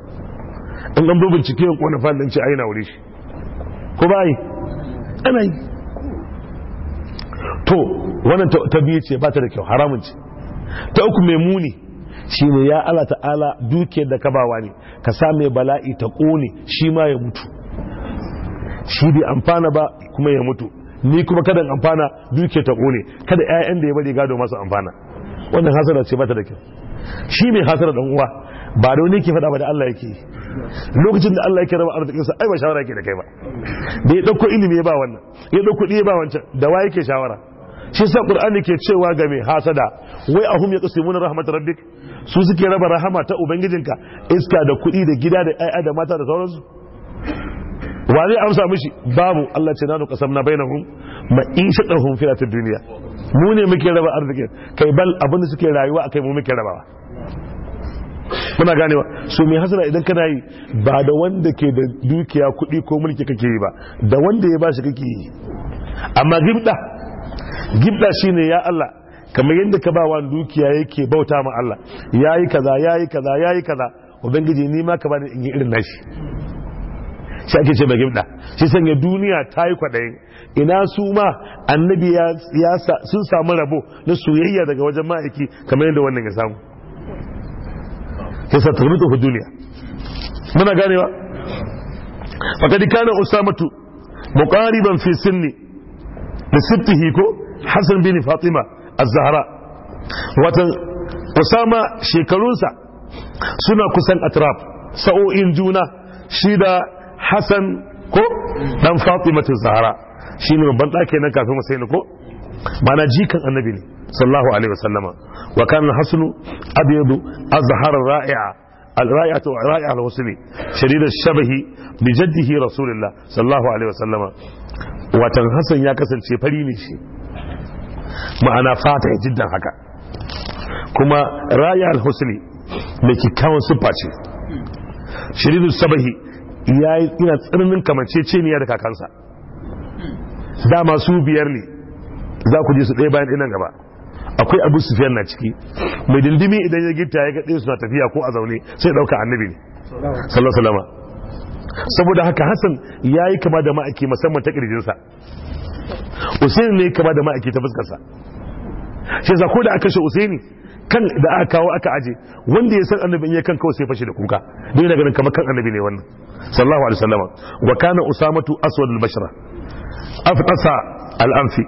in an dubin cike yan kona fayil din ce ai na wuri shi ko ba yi ana yi to wannan ta biyu ce ba ta da kyau haramun ce ta uku mai muni shi ne ya Allah ta'ala duke da kabawa ne ka sa mai bala'i ta ƙone shi ma ya mutu shi bai amfana ba kuma ya mutu ni kuma kada amfana duke ta ƙone kada 'ya'yan da ya bari gado masu amfana wannan hasara ce bata da kyau shi mai hasara dan uwa ba da wani ke faɗa ba da Allah yake lokacin da Allah yake raba arzikinsa ai ba shawara yake da kai ba da ya dauko ilimi ya ba wannan ya dauko ya ba wancan da wa yake shawara shi sa qur'ani ke cewa ga mai hasada wai ahum yaqsimuna rahmat rabbik su suke raba rahama ta ubangijinka iska da kuɗi da gida da ƴaƴa da mata da sauransu wa zai amsa mishi babu Allah ce nanu kasam na bainahum ma in shaqahum fi ta dunya mu ne muke raba arzikin kai bal abin suke rayuwa akai mu muke rabawa muna ganewa su mai hasara idan kana yi ba da wanda ke da dukiya kuɗi ko mulki kake yi ba da wanda ya ba bashi kake yi amma gibda gibda shine ya Allah kamar yadda ka ba wani dukiya yake bauta ma Allah ya yi kaza yayi kaza yi kaza ubangiji ni ma ka bani in yi irin nashi shi ake ce gibda shi sanya duniya ta yi kwaɗayin ina su ma annabi ya sun samu rabo na soyayya daga wajen ma'aiki kamar yadda wannan ya samu yasa tarbitu fi duniya muna ganewa fakadi kana usamatu muqariban fi sinni da sittihi ko hassan bin fatima a zahra watan usama shekarunsa suna kusan atraf sa'o'in juna shi da hassan ko dan fatima az-zahra shine babban dake nan kafin husaini ko mana jikan annabi ne sallallahu alaihi wasallama wa kana hasnu abyadu azhar ra'i'a الرائعة رائعة الوصلي شديد الشبه بجده رسول الله صلى الله عليه وسلم وتنحسن يا كسن شي فريني شي ma'ana fata ya jiddan haka kuma raya al-husni mai kikkawan siffa ce shiridu sabahi ya yi ina tsirnin kamanceceniya da kakansa dama su biyar ne za ku ji su ɗaya bayan ɗinan gaba akwai abu sufiyan na ciki mai dindimi idan ya gita ya gaɗe suna tafiya ko a zaune sai ɗauka annabi ne sallallahu saboda haka hassan ya yi kama da ma'aiki musamman ta ƙirjinsa usaini ne kama da ma'aiki ta fuskarsa shi yasa ko da aka shi usaini kan da aka kawo aka aje wanda ya san annabi ne kan kawai sai fashe da kuka dai daga ganin kamar kan annabi ne wannan sallallahu alaihi wasallam wa kana usamatu aswadul al-bashra afqasa al-anfi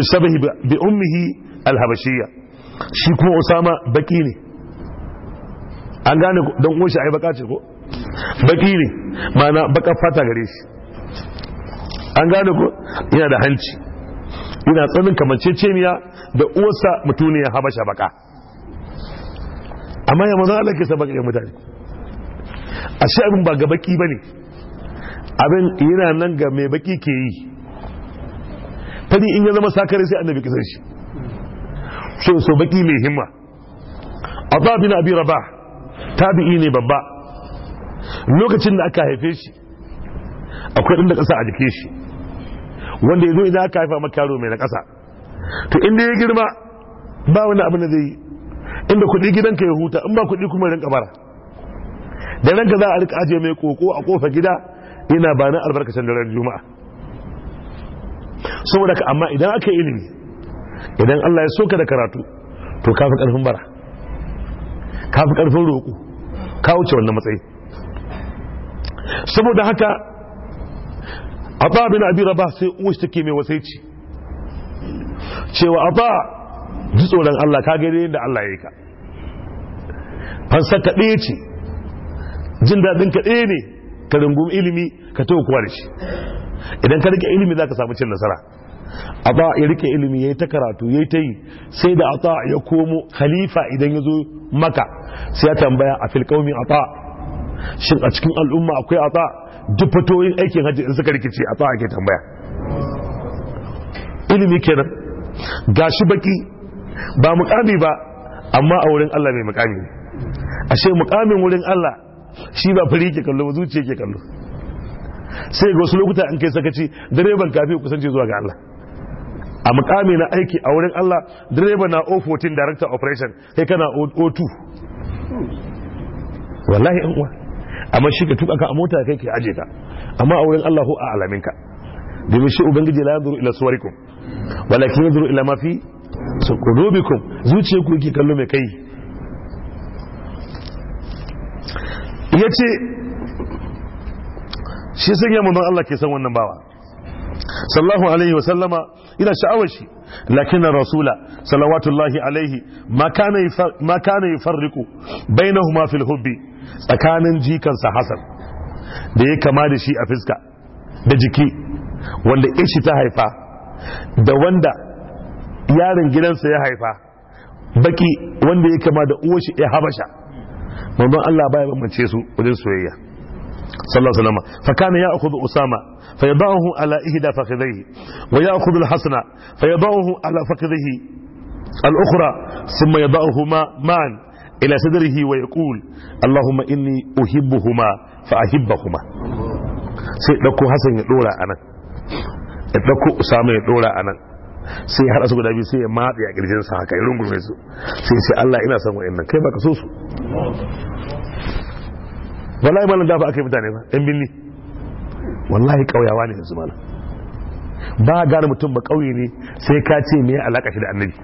da shabahi bi ummihi al-habashiyya shi kuma usama baki ne an gane dan uwan shi ai baka ce ko baki ne mana baka fata gare shi an gane ko yana da hanci yana tsanin kamanceceniya da uwarsa mutuniyar habasha baka amma ya maza Allah ke sabaka mutane a shi abin ba ga baki bane. ne abin yana nan ga mai baki ke yi fadi in ya zama sakare sai annabi kisan shi so so baki mai himma abba bin abi rabah tabi'i ne babba lokacin da aka haife shi akwai ɗin kasa ƙasa a jike shi wanda ya zo idan aka haifa maka yaro mai na ƙasa to inda ya girma ba wani abin da zai yi inda kuɗi gidanka ya huta in ba kuɗi kuma rinka bara da ranka za a rika ajiye mai koko a kofa gida yana ba na albarkacin da ran juma'a saboda ka amma idan aka yi ilimi idan Allah ya soka da karatu to ka fi karfin bara ka fi karfin roƙo ka wuce wannan matsayi saboda haka abba bin abi rabah sai ta take mai wasaici cewa abba ji tsoron Allah ka gani da Allah ya yi ka fansa ka ɗaya ce jin daɗin ka ɗaya ne ka rungum ilimi ka ta kuwa da shi idan ka rike ilimi za ka samu cin nasara ata ya rike ilimi ya yi ta karatu ya yi ta yi sai da ata ya komo khalifa idan ya zo maka sai ya tambaya a filkaumin ata shin a cikin al'umma akwai ata duk fatoyin aikin hajji in suka rikice a tsawa ke tambaya ilimi kenan gashi baki ba mukami ba amma a wurin Allah mai mukami ashe mukamin wurin Allah shi ba fari ke kallo ba zuciya ke kallo sai ga wasu lokuta an kai sakaci direban kafi kusance zuwa ga Allah a mukami na aiki a wurin Allah direba na O14 director operation sai kana O2 wallahi an uwa amma shi ka tuka ka a mota kai ka aje ka amma a wurin Allahu a alamin ka domin shi ubangiji la yanzuru ila suwarikum walakin yanzuru ila ma fi qulubikum zuciye ku yake kallo mai kai yace shi sun yi mun Allah ke san wannan bawa sallallahu alaihi wa sallama ina sha'awar shi lakin rasula salawatullahi alaihi ma kana yufarriqu bainahuma fil hubbi tsakanin jikansa hasan da ya kama da shi a fiska da jiki wanda ishi ta haifa da wanda yaron gidansa ya haifa baki wanda ya kama da uwashi ya habasha mamban Allah baya bambance su wajen soyayya sallallahu alaihi wasallam fa kana ya'khudhu usama fa yada'uhu ala ihda fakhidhihi wa ya'khudhu al-hasana fa yada'uhu ala fakhidhihi al-ukhra thumma yadahu ma'an إلى صدره ويقول اللهم إني أحبهما فأحبهما لكو حسن يدورا أنا لكو أسامة يدورا أنا sai har su guda biyu sai ya matsi a kirjin sa haka irin gurbe su sai sai Allah ina son nan kai baka so su wallahi malam dafa mutane ba yan binni wallahi kauyawa ne yanzu ba gane mutum ba kauye ne sai ka ce me alaka shi da annabi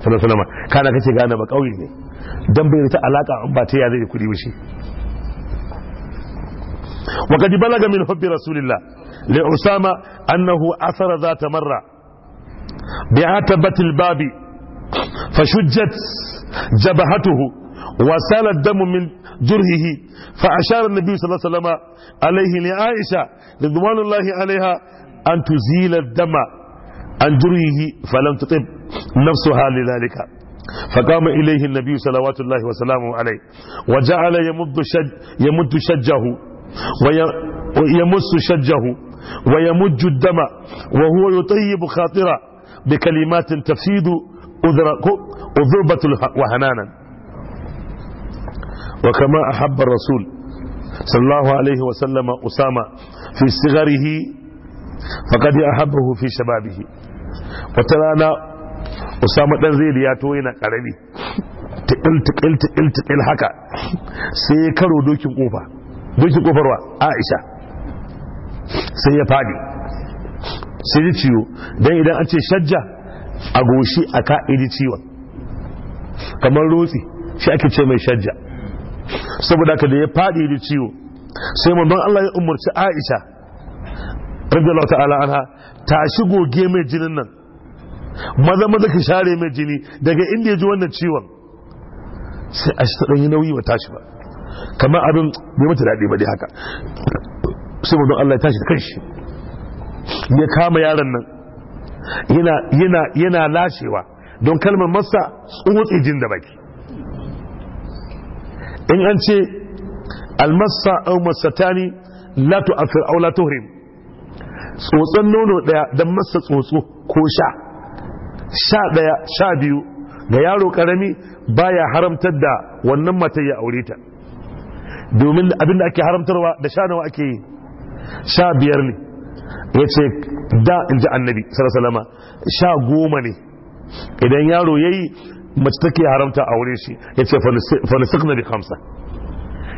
sallallahu alaihi wasallam kana kace gane ba kauye ne dan bai ta alaka ba ta ya zai kuɗi ba shi وقد بلغ من حب رسول الله لأسامة أنه أثر ذات مرة بعتبة الباب فشجت جبهته وسال الدم من جرهه فأشار النبي صلى الله عليه وسلم عليه لعائشة رضوان الله عليها أن تزيل الدم عن جرهه فلم تطب نفسها لذلك فقام إليه النبي صلوات الله وسلامه عليه وجعل يمد شج يمد شجه ويمس شجه ويمج الدم وهو يطيب خاطره بكلمات تفيد أذربة وحنانا وكما أحب الرسول صلى الله عليه وسلم أسامة في صغره فقد أحبه في شبابه وترانا usama dan zai da ya to yana karami tikil tikil tikil tikil haka sai ya karo dokin kofa dokin kofar wa aisha sai ya fadi sai ji ciwo dan idan an ce shajja a goshi a ka'idi ciwon kamar rotsi shi ake ce mai shajja saboda ka da ya fadi da ciwo sai manzon Allah ya umarci Aisha radiyallahu ta'ala anha ta shigo ge mai jinin nan maza maza ka share mai jini daga inda ya ji wannan ciwon sai a shi yi nauyi wa tashi ba kamar abin bai mata daɗi ba dai haka sai don Allah ya tashi da kanshi ya kama yaron nan yana yana yana lashewa don kalmar masa tsotsi jin da baki in an ce almasa au masatani la tu'athir aw la tuhrim tsotsan nono daya dan masa tsotso ko sha sha ɗaya sha biyu ga yaro karami baya haramtar da wannan mata ya aure ta domin abinda ake haramtarwa da sha nawa ake yi sha biyar ne ya ce da in ji annabi sarasalama sha goma ne idan yaro ya yi mace take haramta aure shi ya ce fanisik na bi hamsa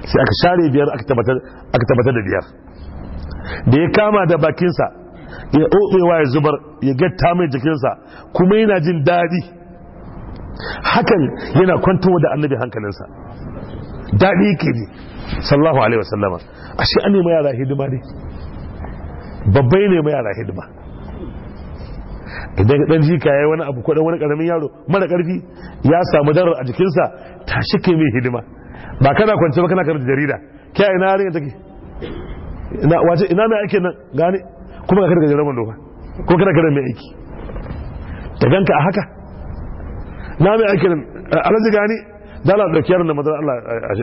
sai aka share biyar aka tabbatar da biyar da ya kama da bakinsa ya ɗoɗewa ya zubar ya gatta mai jikinsa kuma yana jin daɗi hakan yana kwantowa da annabi hankalinsa daɗi yake ne. sallahu alaihi wasallama a shi an nema yara hidima ne babbai ne ma yara hidima idan ɗan jika yi wani abu ko wani karamin yaro mara ƙarfi ya samu darar a jikinsa shi ke mai hidima ba kana kwance ba kana karanta jarida kya ina yarin take ina wace ina mai ake nan gane kuma ka kada gajeren wando ba ko kada kada mai aiki ta ganka a haka na mai a alhaji gani dala da kiyar da mazan Allah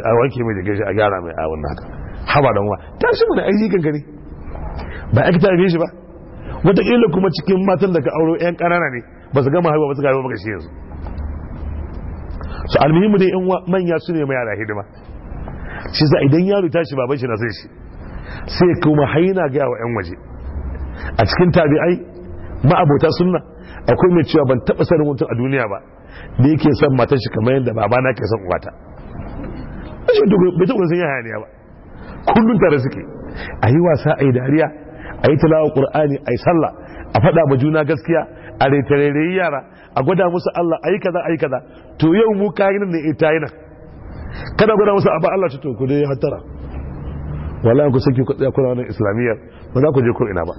a wanke mai da shi a gyara mai a wannan haka haba don wa ta shi muna aiki kan gani ba aiki ta shi ba wataƙila kuma cikin matan da ka auro 'yan ƙanana ne ba su gama haihuwa ba su gaba ba gashi yanzu su almuhimmu dai in manya su ne mai yara hidima shi za idan yaro tashi baban shi na sai shi sai kuma haina ga wa 'yan waje a cikin tabi'ai ma'abota sunna akwai mai cewa ban taɓa sanin mutum a duniya ba da yake son matar shi kamar yadda babana ke son uwata bai taɓa sun yaya ne ba kullum tare suke a yi wasa a yi dariya a yi talawa ƙur'ani a yi sallah a faɗa ma juna gaskiya a retarerayi yara a gwada musu Allah a yi kaza a yi kaza to yau mu kayan ne ita eh, yi nan kada gwada musu abin Allah ta to ku dai hantara!" wala ku saki ku tsaya kuna wannan islamiyya ba za ku je ko ina ba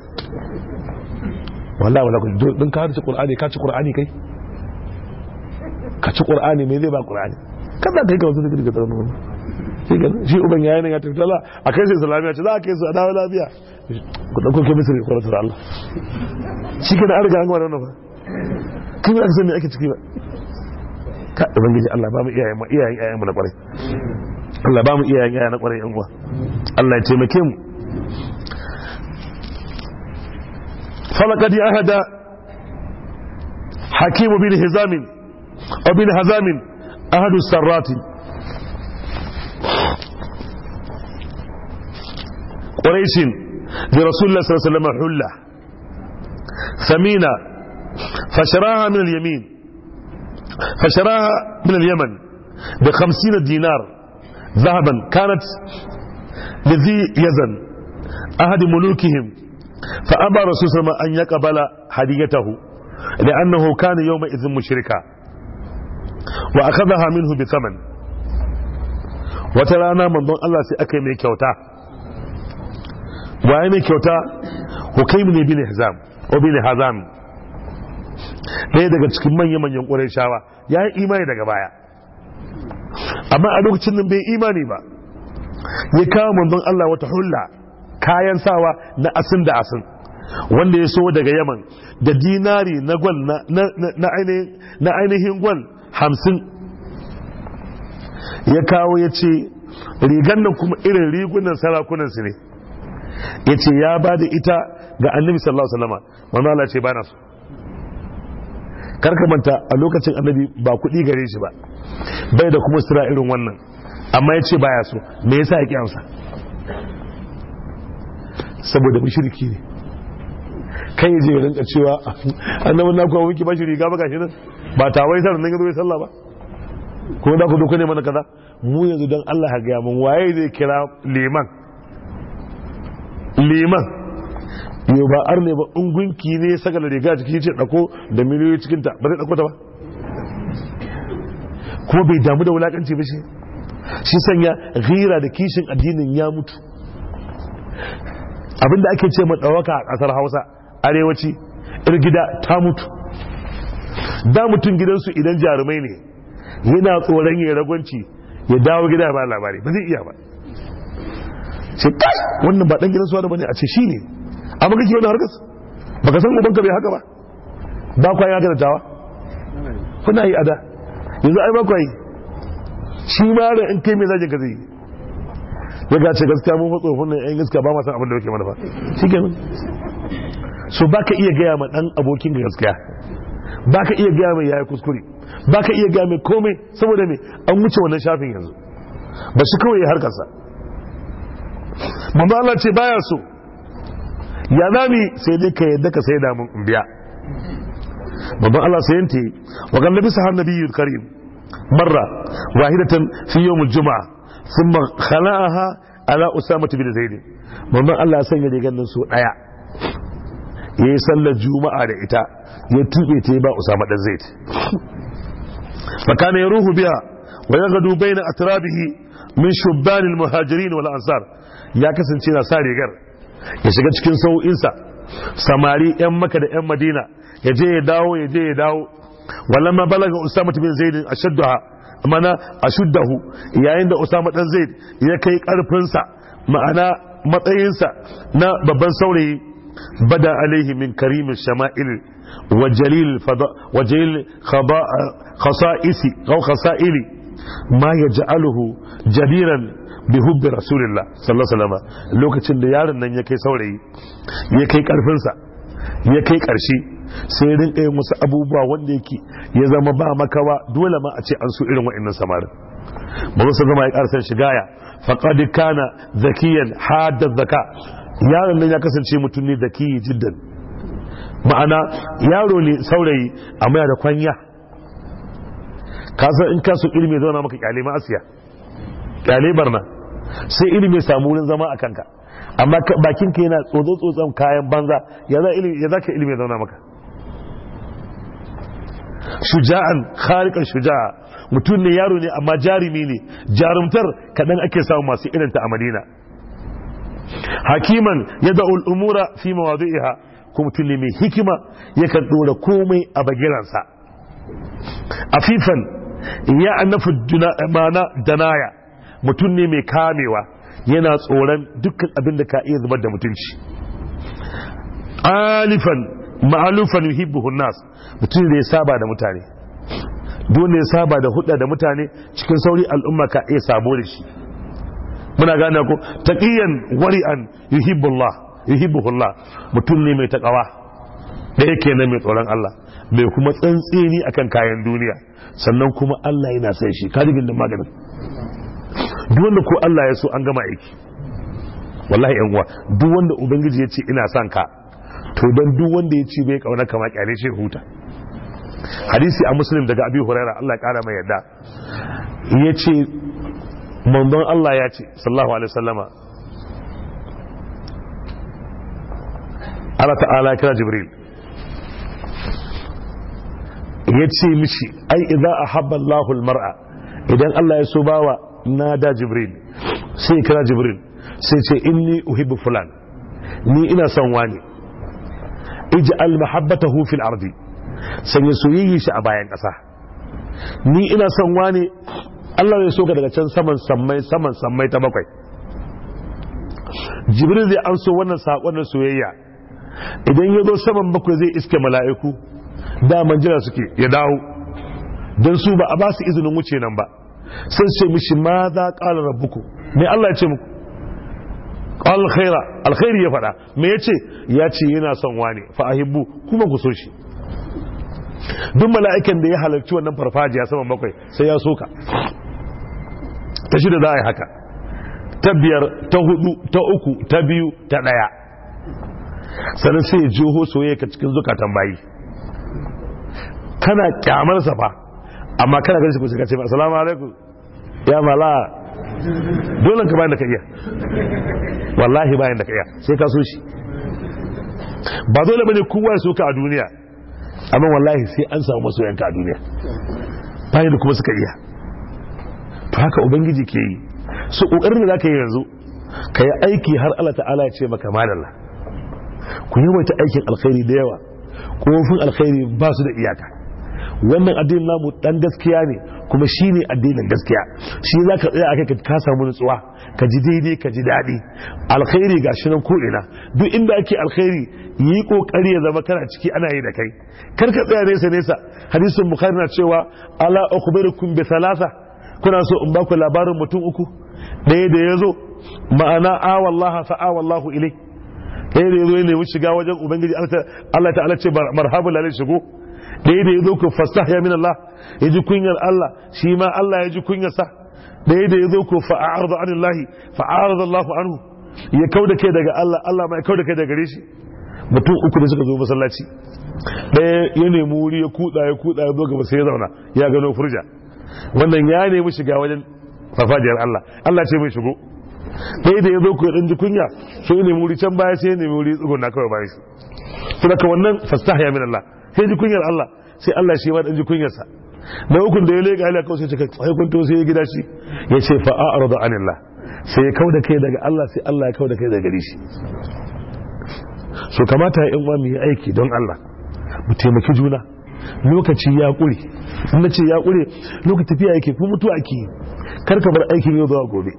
wallahi wala ku dun ka ci qur'ani ka ci qur'ani kai ka ci qur'ani me zai ba qur'ani kada kai ka wasu da kike tsaro shi ga shi uban yayin ya tafi tala a kai sai islamiyya ce za ka kai su a dawo lafiya ku dauko ke misri ku rasu Allah shi ga da an riga an gwada wannan ba kin ga san me ake ciki ba ka ubangiji Allah ba mu iyayen mu iyayen iyayen mu na kwarai Allah ba mu iyayen yaya na kwarai yan uwa Allah ya taimake mu falaqad ahada hakim bin hizam aw bin hazam ahadu sarrati quraish bi rasulullah sallallahu alaihi wasallam hulla ثمينة فشراها من اليمين فشراها من اليمن بخمسين دينار ذهبا كانت لذي يزن أحد ملوكهم فأبى رسول صلى الله أن يقبل هديته لأنه كان يومئذ مشركا وأخذها منه بثمن وترانا من دون الله سأكي من كوتا وأي كوتا كوتا وكيم بن حزام وبن حزام ɗaya daga cikin manya-manyan ƙurai shawa ya yi imani daga baya amma a lokacin nan bai imani ba ya kawo manzon Allah wata hulla kayan sawa na asin da asin wanda ya so daga yaman da dinari na gwal na ainihin gwal hamsin ya kawo ya ce rigan nan kuma irin rigunan sarakunan su ne ya ce ya ba da ita ga annabi sallallahu alaihi wasallama manzo Allah ce ba na su karkamanta a lokacin annabi ba kuɗi gare shi ba bai da kuma sura irin wannan amma ya ce baya so me yasa ya kiyansa saboda mushriki ne kan yi je ya cewa annabi na kuwa wuki bashi riga ba gashi nan ba wai sarar nan ya zo sallah ba kuma da ku zo ne mana kaza mu yanzu don Allah ha gaya mun waye zai kira liman liman yau ba ar ne ba gunki ne saka da riga jiki ce dako da miliyoyi cikin ta ba zai dako ta ba kuma bai damu da wulakanci ba shi shi sanya ghira da kishin addinin ya mutu abinda ake ce madawaka a kasar Hausa arewaci irgida ta mutu da mutum gidansu idan jarumai ne yana tsoron ya ragwanci ya dawo gida ba labari ba zai iya ba ce kai wannan ba dan gidansu wani ne a ce shine amma kake wani harkas baka san ubanka bai haka ba ba kwa yi haka kuna yi ada yanzu ai ba kwa shi ma da in kai mai zaje ka zai ya ga ce gaskiya mun fa tsofin nan yan gaskiya ba ma san abin da yake mana ba shikenan so ba ka iya gaya ma dan abokin ga gaskiya ka iya gaya mai yayi kuskure ka iya gaya mai komai saboda me an wuce wannan shafin yanzu ba shi kawai ya harkarsa manzo Allah ce baya so ya zami sai dai ka yadda ka sai damun in biya babban Allah sayan ta wa kan nabi sahan nabi karim marra wahidatan fi yawmul juma'a thumma khala'aha ala usama bin zaid babban Allah sanya rigar nan so daya yayi sallar juma'a da ita ya tube ta ba usama dan zaid fa kana yaruhu biha wa yaghdu bayna atrabihi min shubban al muhajirin wal ansar ya kasance na sa rigar ya shiga cikin sau'insa samari 'yan maka da 'yan madina ya je ya dawo ya je ya dawo ma balaga usama bin zaid ashaddaha mana ashuddahu yayin da usama dan zaid ya kai karfinsa ma'ana matsayinsa na babban saurayi bada alaihi min karimin shama'il wa jalil fada wa jalil khasa'isi ma yaj'aluhu jadiran bi hubbi rasulillah sallallahu alaihi wasallam lokacin da yaron nan ya kai saurayi ya kai karfinsa ya kai karshe sai rinka yin wasu abubuwa wanda yake ya zama ba makawa dole ma a ce an so irin wa'annan samarin ba su zama ya karsan shigaya faqad kana zakiyan hadda zaka yaron nan ya kasance mutum ne zaki jiddan ma'ana yaro ne saurayi amma da kwanya kasan in kasu ilmi zauna maka kyale ma asiya kyale barna sai ilimi ya samu wurin zama a kanka amma bakin ka yana tsotso tsotson kayan banza ya za ilimi ya ilimi zauna maka shuja'an khariqan shuja'a mutum ne yaro ne amma jarumi ne jarumtar kadan ake samu masu irin ta a Madina hakiman ya al-umura fi mawadi'iha ko mutum ne mai hikima yakan dora komai a bagiransa afifan ya annafu mana danaya mutum ne mai kamewa yana tsoron dukkan abin da ka iya zubar da mutunci alifan ma'alufan yuhibbu hunnas mutum da ya saba da mutane dole ya saba da hudda da mutane cikin sauri al'umma ka iya sabo da shi muna gane ko taqiyan wari'an yuhibbu Allah mutum ne mai takawa da yake ne mai tsoron Allah mai kuma tsantseni akan kayan duniya sannan kuma Allah yana son shi ka rigin da maganin duwanda wanda ko Allah ya so an gama aiki wallahi yan uwa duk wanda ubangiji ya ce ina son ka to dan duk wanda ya ce bai kauna kama kyale shi huta hadisi a muslim daga abi huraira Allah ya kara mai yadda ya ce manzon Allah ya ce sallallahu alaihi wasallama Allah ta'ala kira Jibril ya ce mishi ai idza ahabba Allahu al-mar'a idan Allah ya so bawa Na da jibril sai kira jibril sai ce inni uhibbu fulan ni ina son wani ij'al mahabbatahu fil ardi sanya soyayya shi a bayan kasa ni ina son wani Allah ya soka daga can saman samai saman sammai ta bakwai jibril zai anso wannan sakon na soyayya idan ya zo saman bakwai zai iske mala'iku da manjira suke ya dawo don su ba a ba su izinin wuce nan ba sai ce mishi ma za ƙala rabuku me Allah ya ce muku alkhaira alkhairi ya faɗa mai ya ce ya ce yana son wani fa'ahibbu kuma ku so shi duk mala'ikan da ya halarci wannan farfajiya saman bakwai sai ya soka ta shida za a yi haka ta biyar ta hudu ta uku ta biyu ta ɗaya sannan sai ya jiho soyayya cikin zukatan bayi kana sa fa amma kana ganin shi kusa kace assalamu alaikum ya mala dole ka bayan da ka iya wallahi bayan da ka iya sai ka so shi ba dole bane kowa ya soka a duniya amma wallahi sai an samu masoyanka a duniya bayan da kuma suka iya to haka ubangiji ke yi su kokarin da zaka yi yanzu ka yi aiki har Allah ta'ala ya ce maka madalla ku yi wata aikin alkhairi da yawa kofin alkhairi ba su da iyaka wannan addinin namu dan gaskiya ne kuma shi ne addinin gaskiya shi za ka tsaya a kai ka samu nutsuwa ka ji daidai ka ji daɗi alkhairi ga shi nan ko'ina duk inda ake alkhairi yi kokari ya zama kana ciki ana yi da kai kar ka tsaya nesa nesa hadisin bukhari na cewa ala ukhbirukum bi thalatha kuna so in baku labarin mutum uku ɗaya da ya zo ma'ana awallaha fa awallahu ilai ɗaya da ya zo ya nemi shiga wajen ubangiji Allah ta'ala ce marhabu lalai shigo da da ya zo ku fasah ya min Allah ya ji kunyar Allah shi ma Allah ya ji kunyar sa. da ya zo ku fa'arada anillahi fa'arada Allahu anhu ya kauda kai daga Allah Allah ma ya kauda kai daga gare shi mutum uku da suka zo masallaci ɗaya ya nemi wuri ya kuɗa ya kuɗa ya zo gaba sai ya zauna ya gano furja wannan ya nemi shiga wajen farfajiyar Allah Allah ce mai shigo ɗaya da ya zo ku ya ji kunya sai ya nemi wuri can baya sai ya nemi wuri tsugunna kawai bayan shi saboda wannan ya min Allah sai ji kunyar Allah sai Allah shi ma dan ji kunyarsa na hukun da ya leƙa Allah kawai sai ce kai kun to sai ya gida shi ya ce fa a'rada anillah sai ya kauda kai daga Allah sai Allah ya kauda kai daga gare shi so kamata ya uwa mu yi aiki don Allah mu taimaki juna lokaci ya kure in ce ya kure lokaci tafiya yake kuma mutuwa ake kar ka bar aikin yau zuwa gobe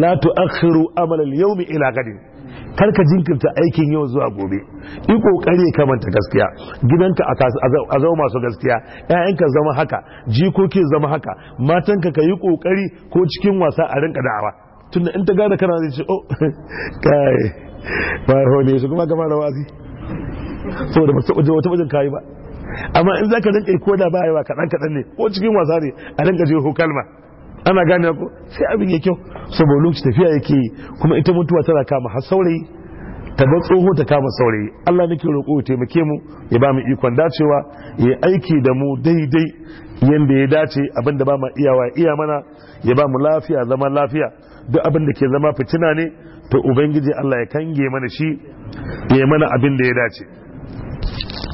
la tu'akhiru amal al-yawmi ila gadin kar ka jinkirta aikin yau zuwa gobe yi kokari ka manta gaskiya gidanka a zama masu gaskiya ƴaƴanka zama haka jikoki zama haka matanka ka yi kokari ko cikin wasa a rinka da'awa tunda in ta gane kana zai ce oh kai baro ne shi kuma gama da wazi saboda ba wata wajen kayi ba amma in ka rinka yi ko da ba kaɗan kaɗan ne ko cikin wasa ne a rinka je kalma ana gane ko sai abin ya kyau saboda lokaci tafiya yake kuma ita mutuwa tana kama har saurayi ta ga tsoho ta kama saurayi Allah nake roƙo ya taimake mu ya ba mu ikon dacewa ya aiki da mu daidai yanda ya dace abin da ba mu iyawa iya mana ya ba mu lafiya zaman lafiya duk abin da ke zama fitina ne to ubangiji Allah ya kange mana shi ya mana abin da ya dace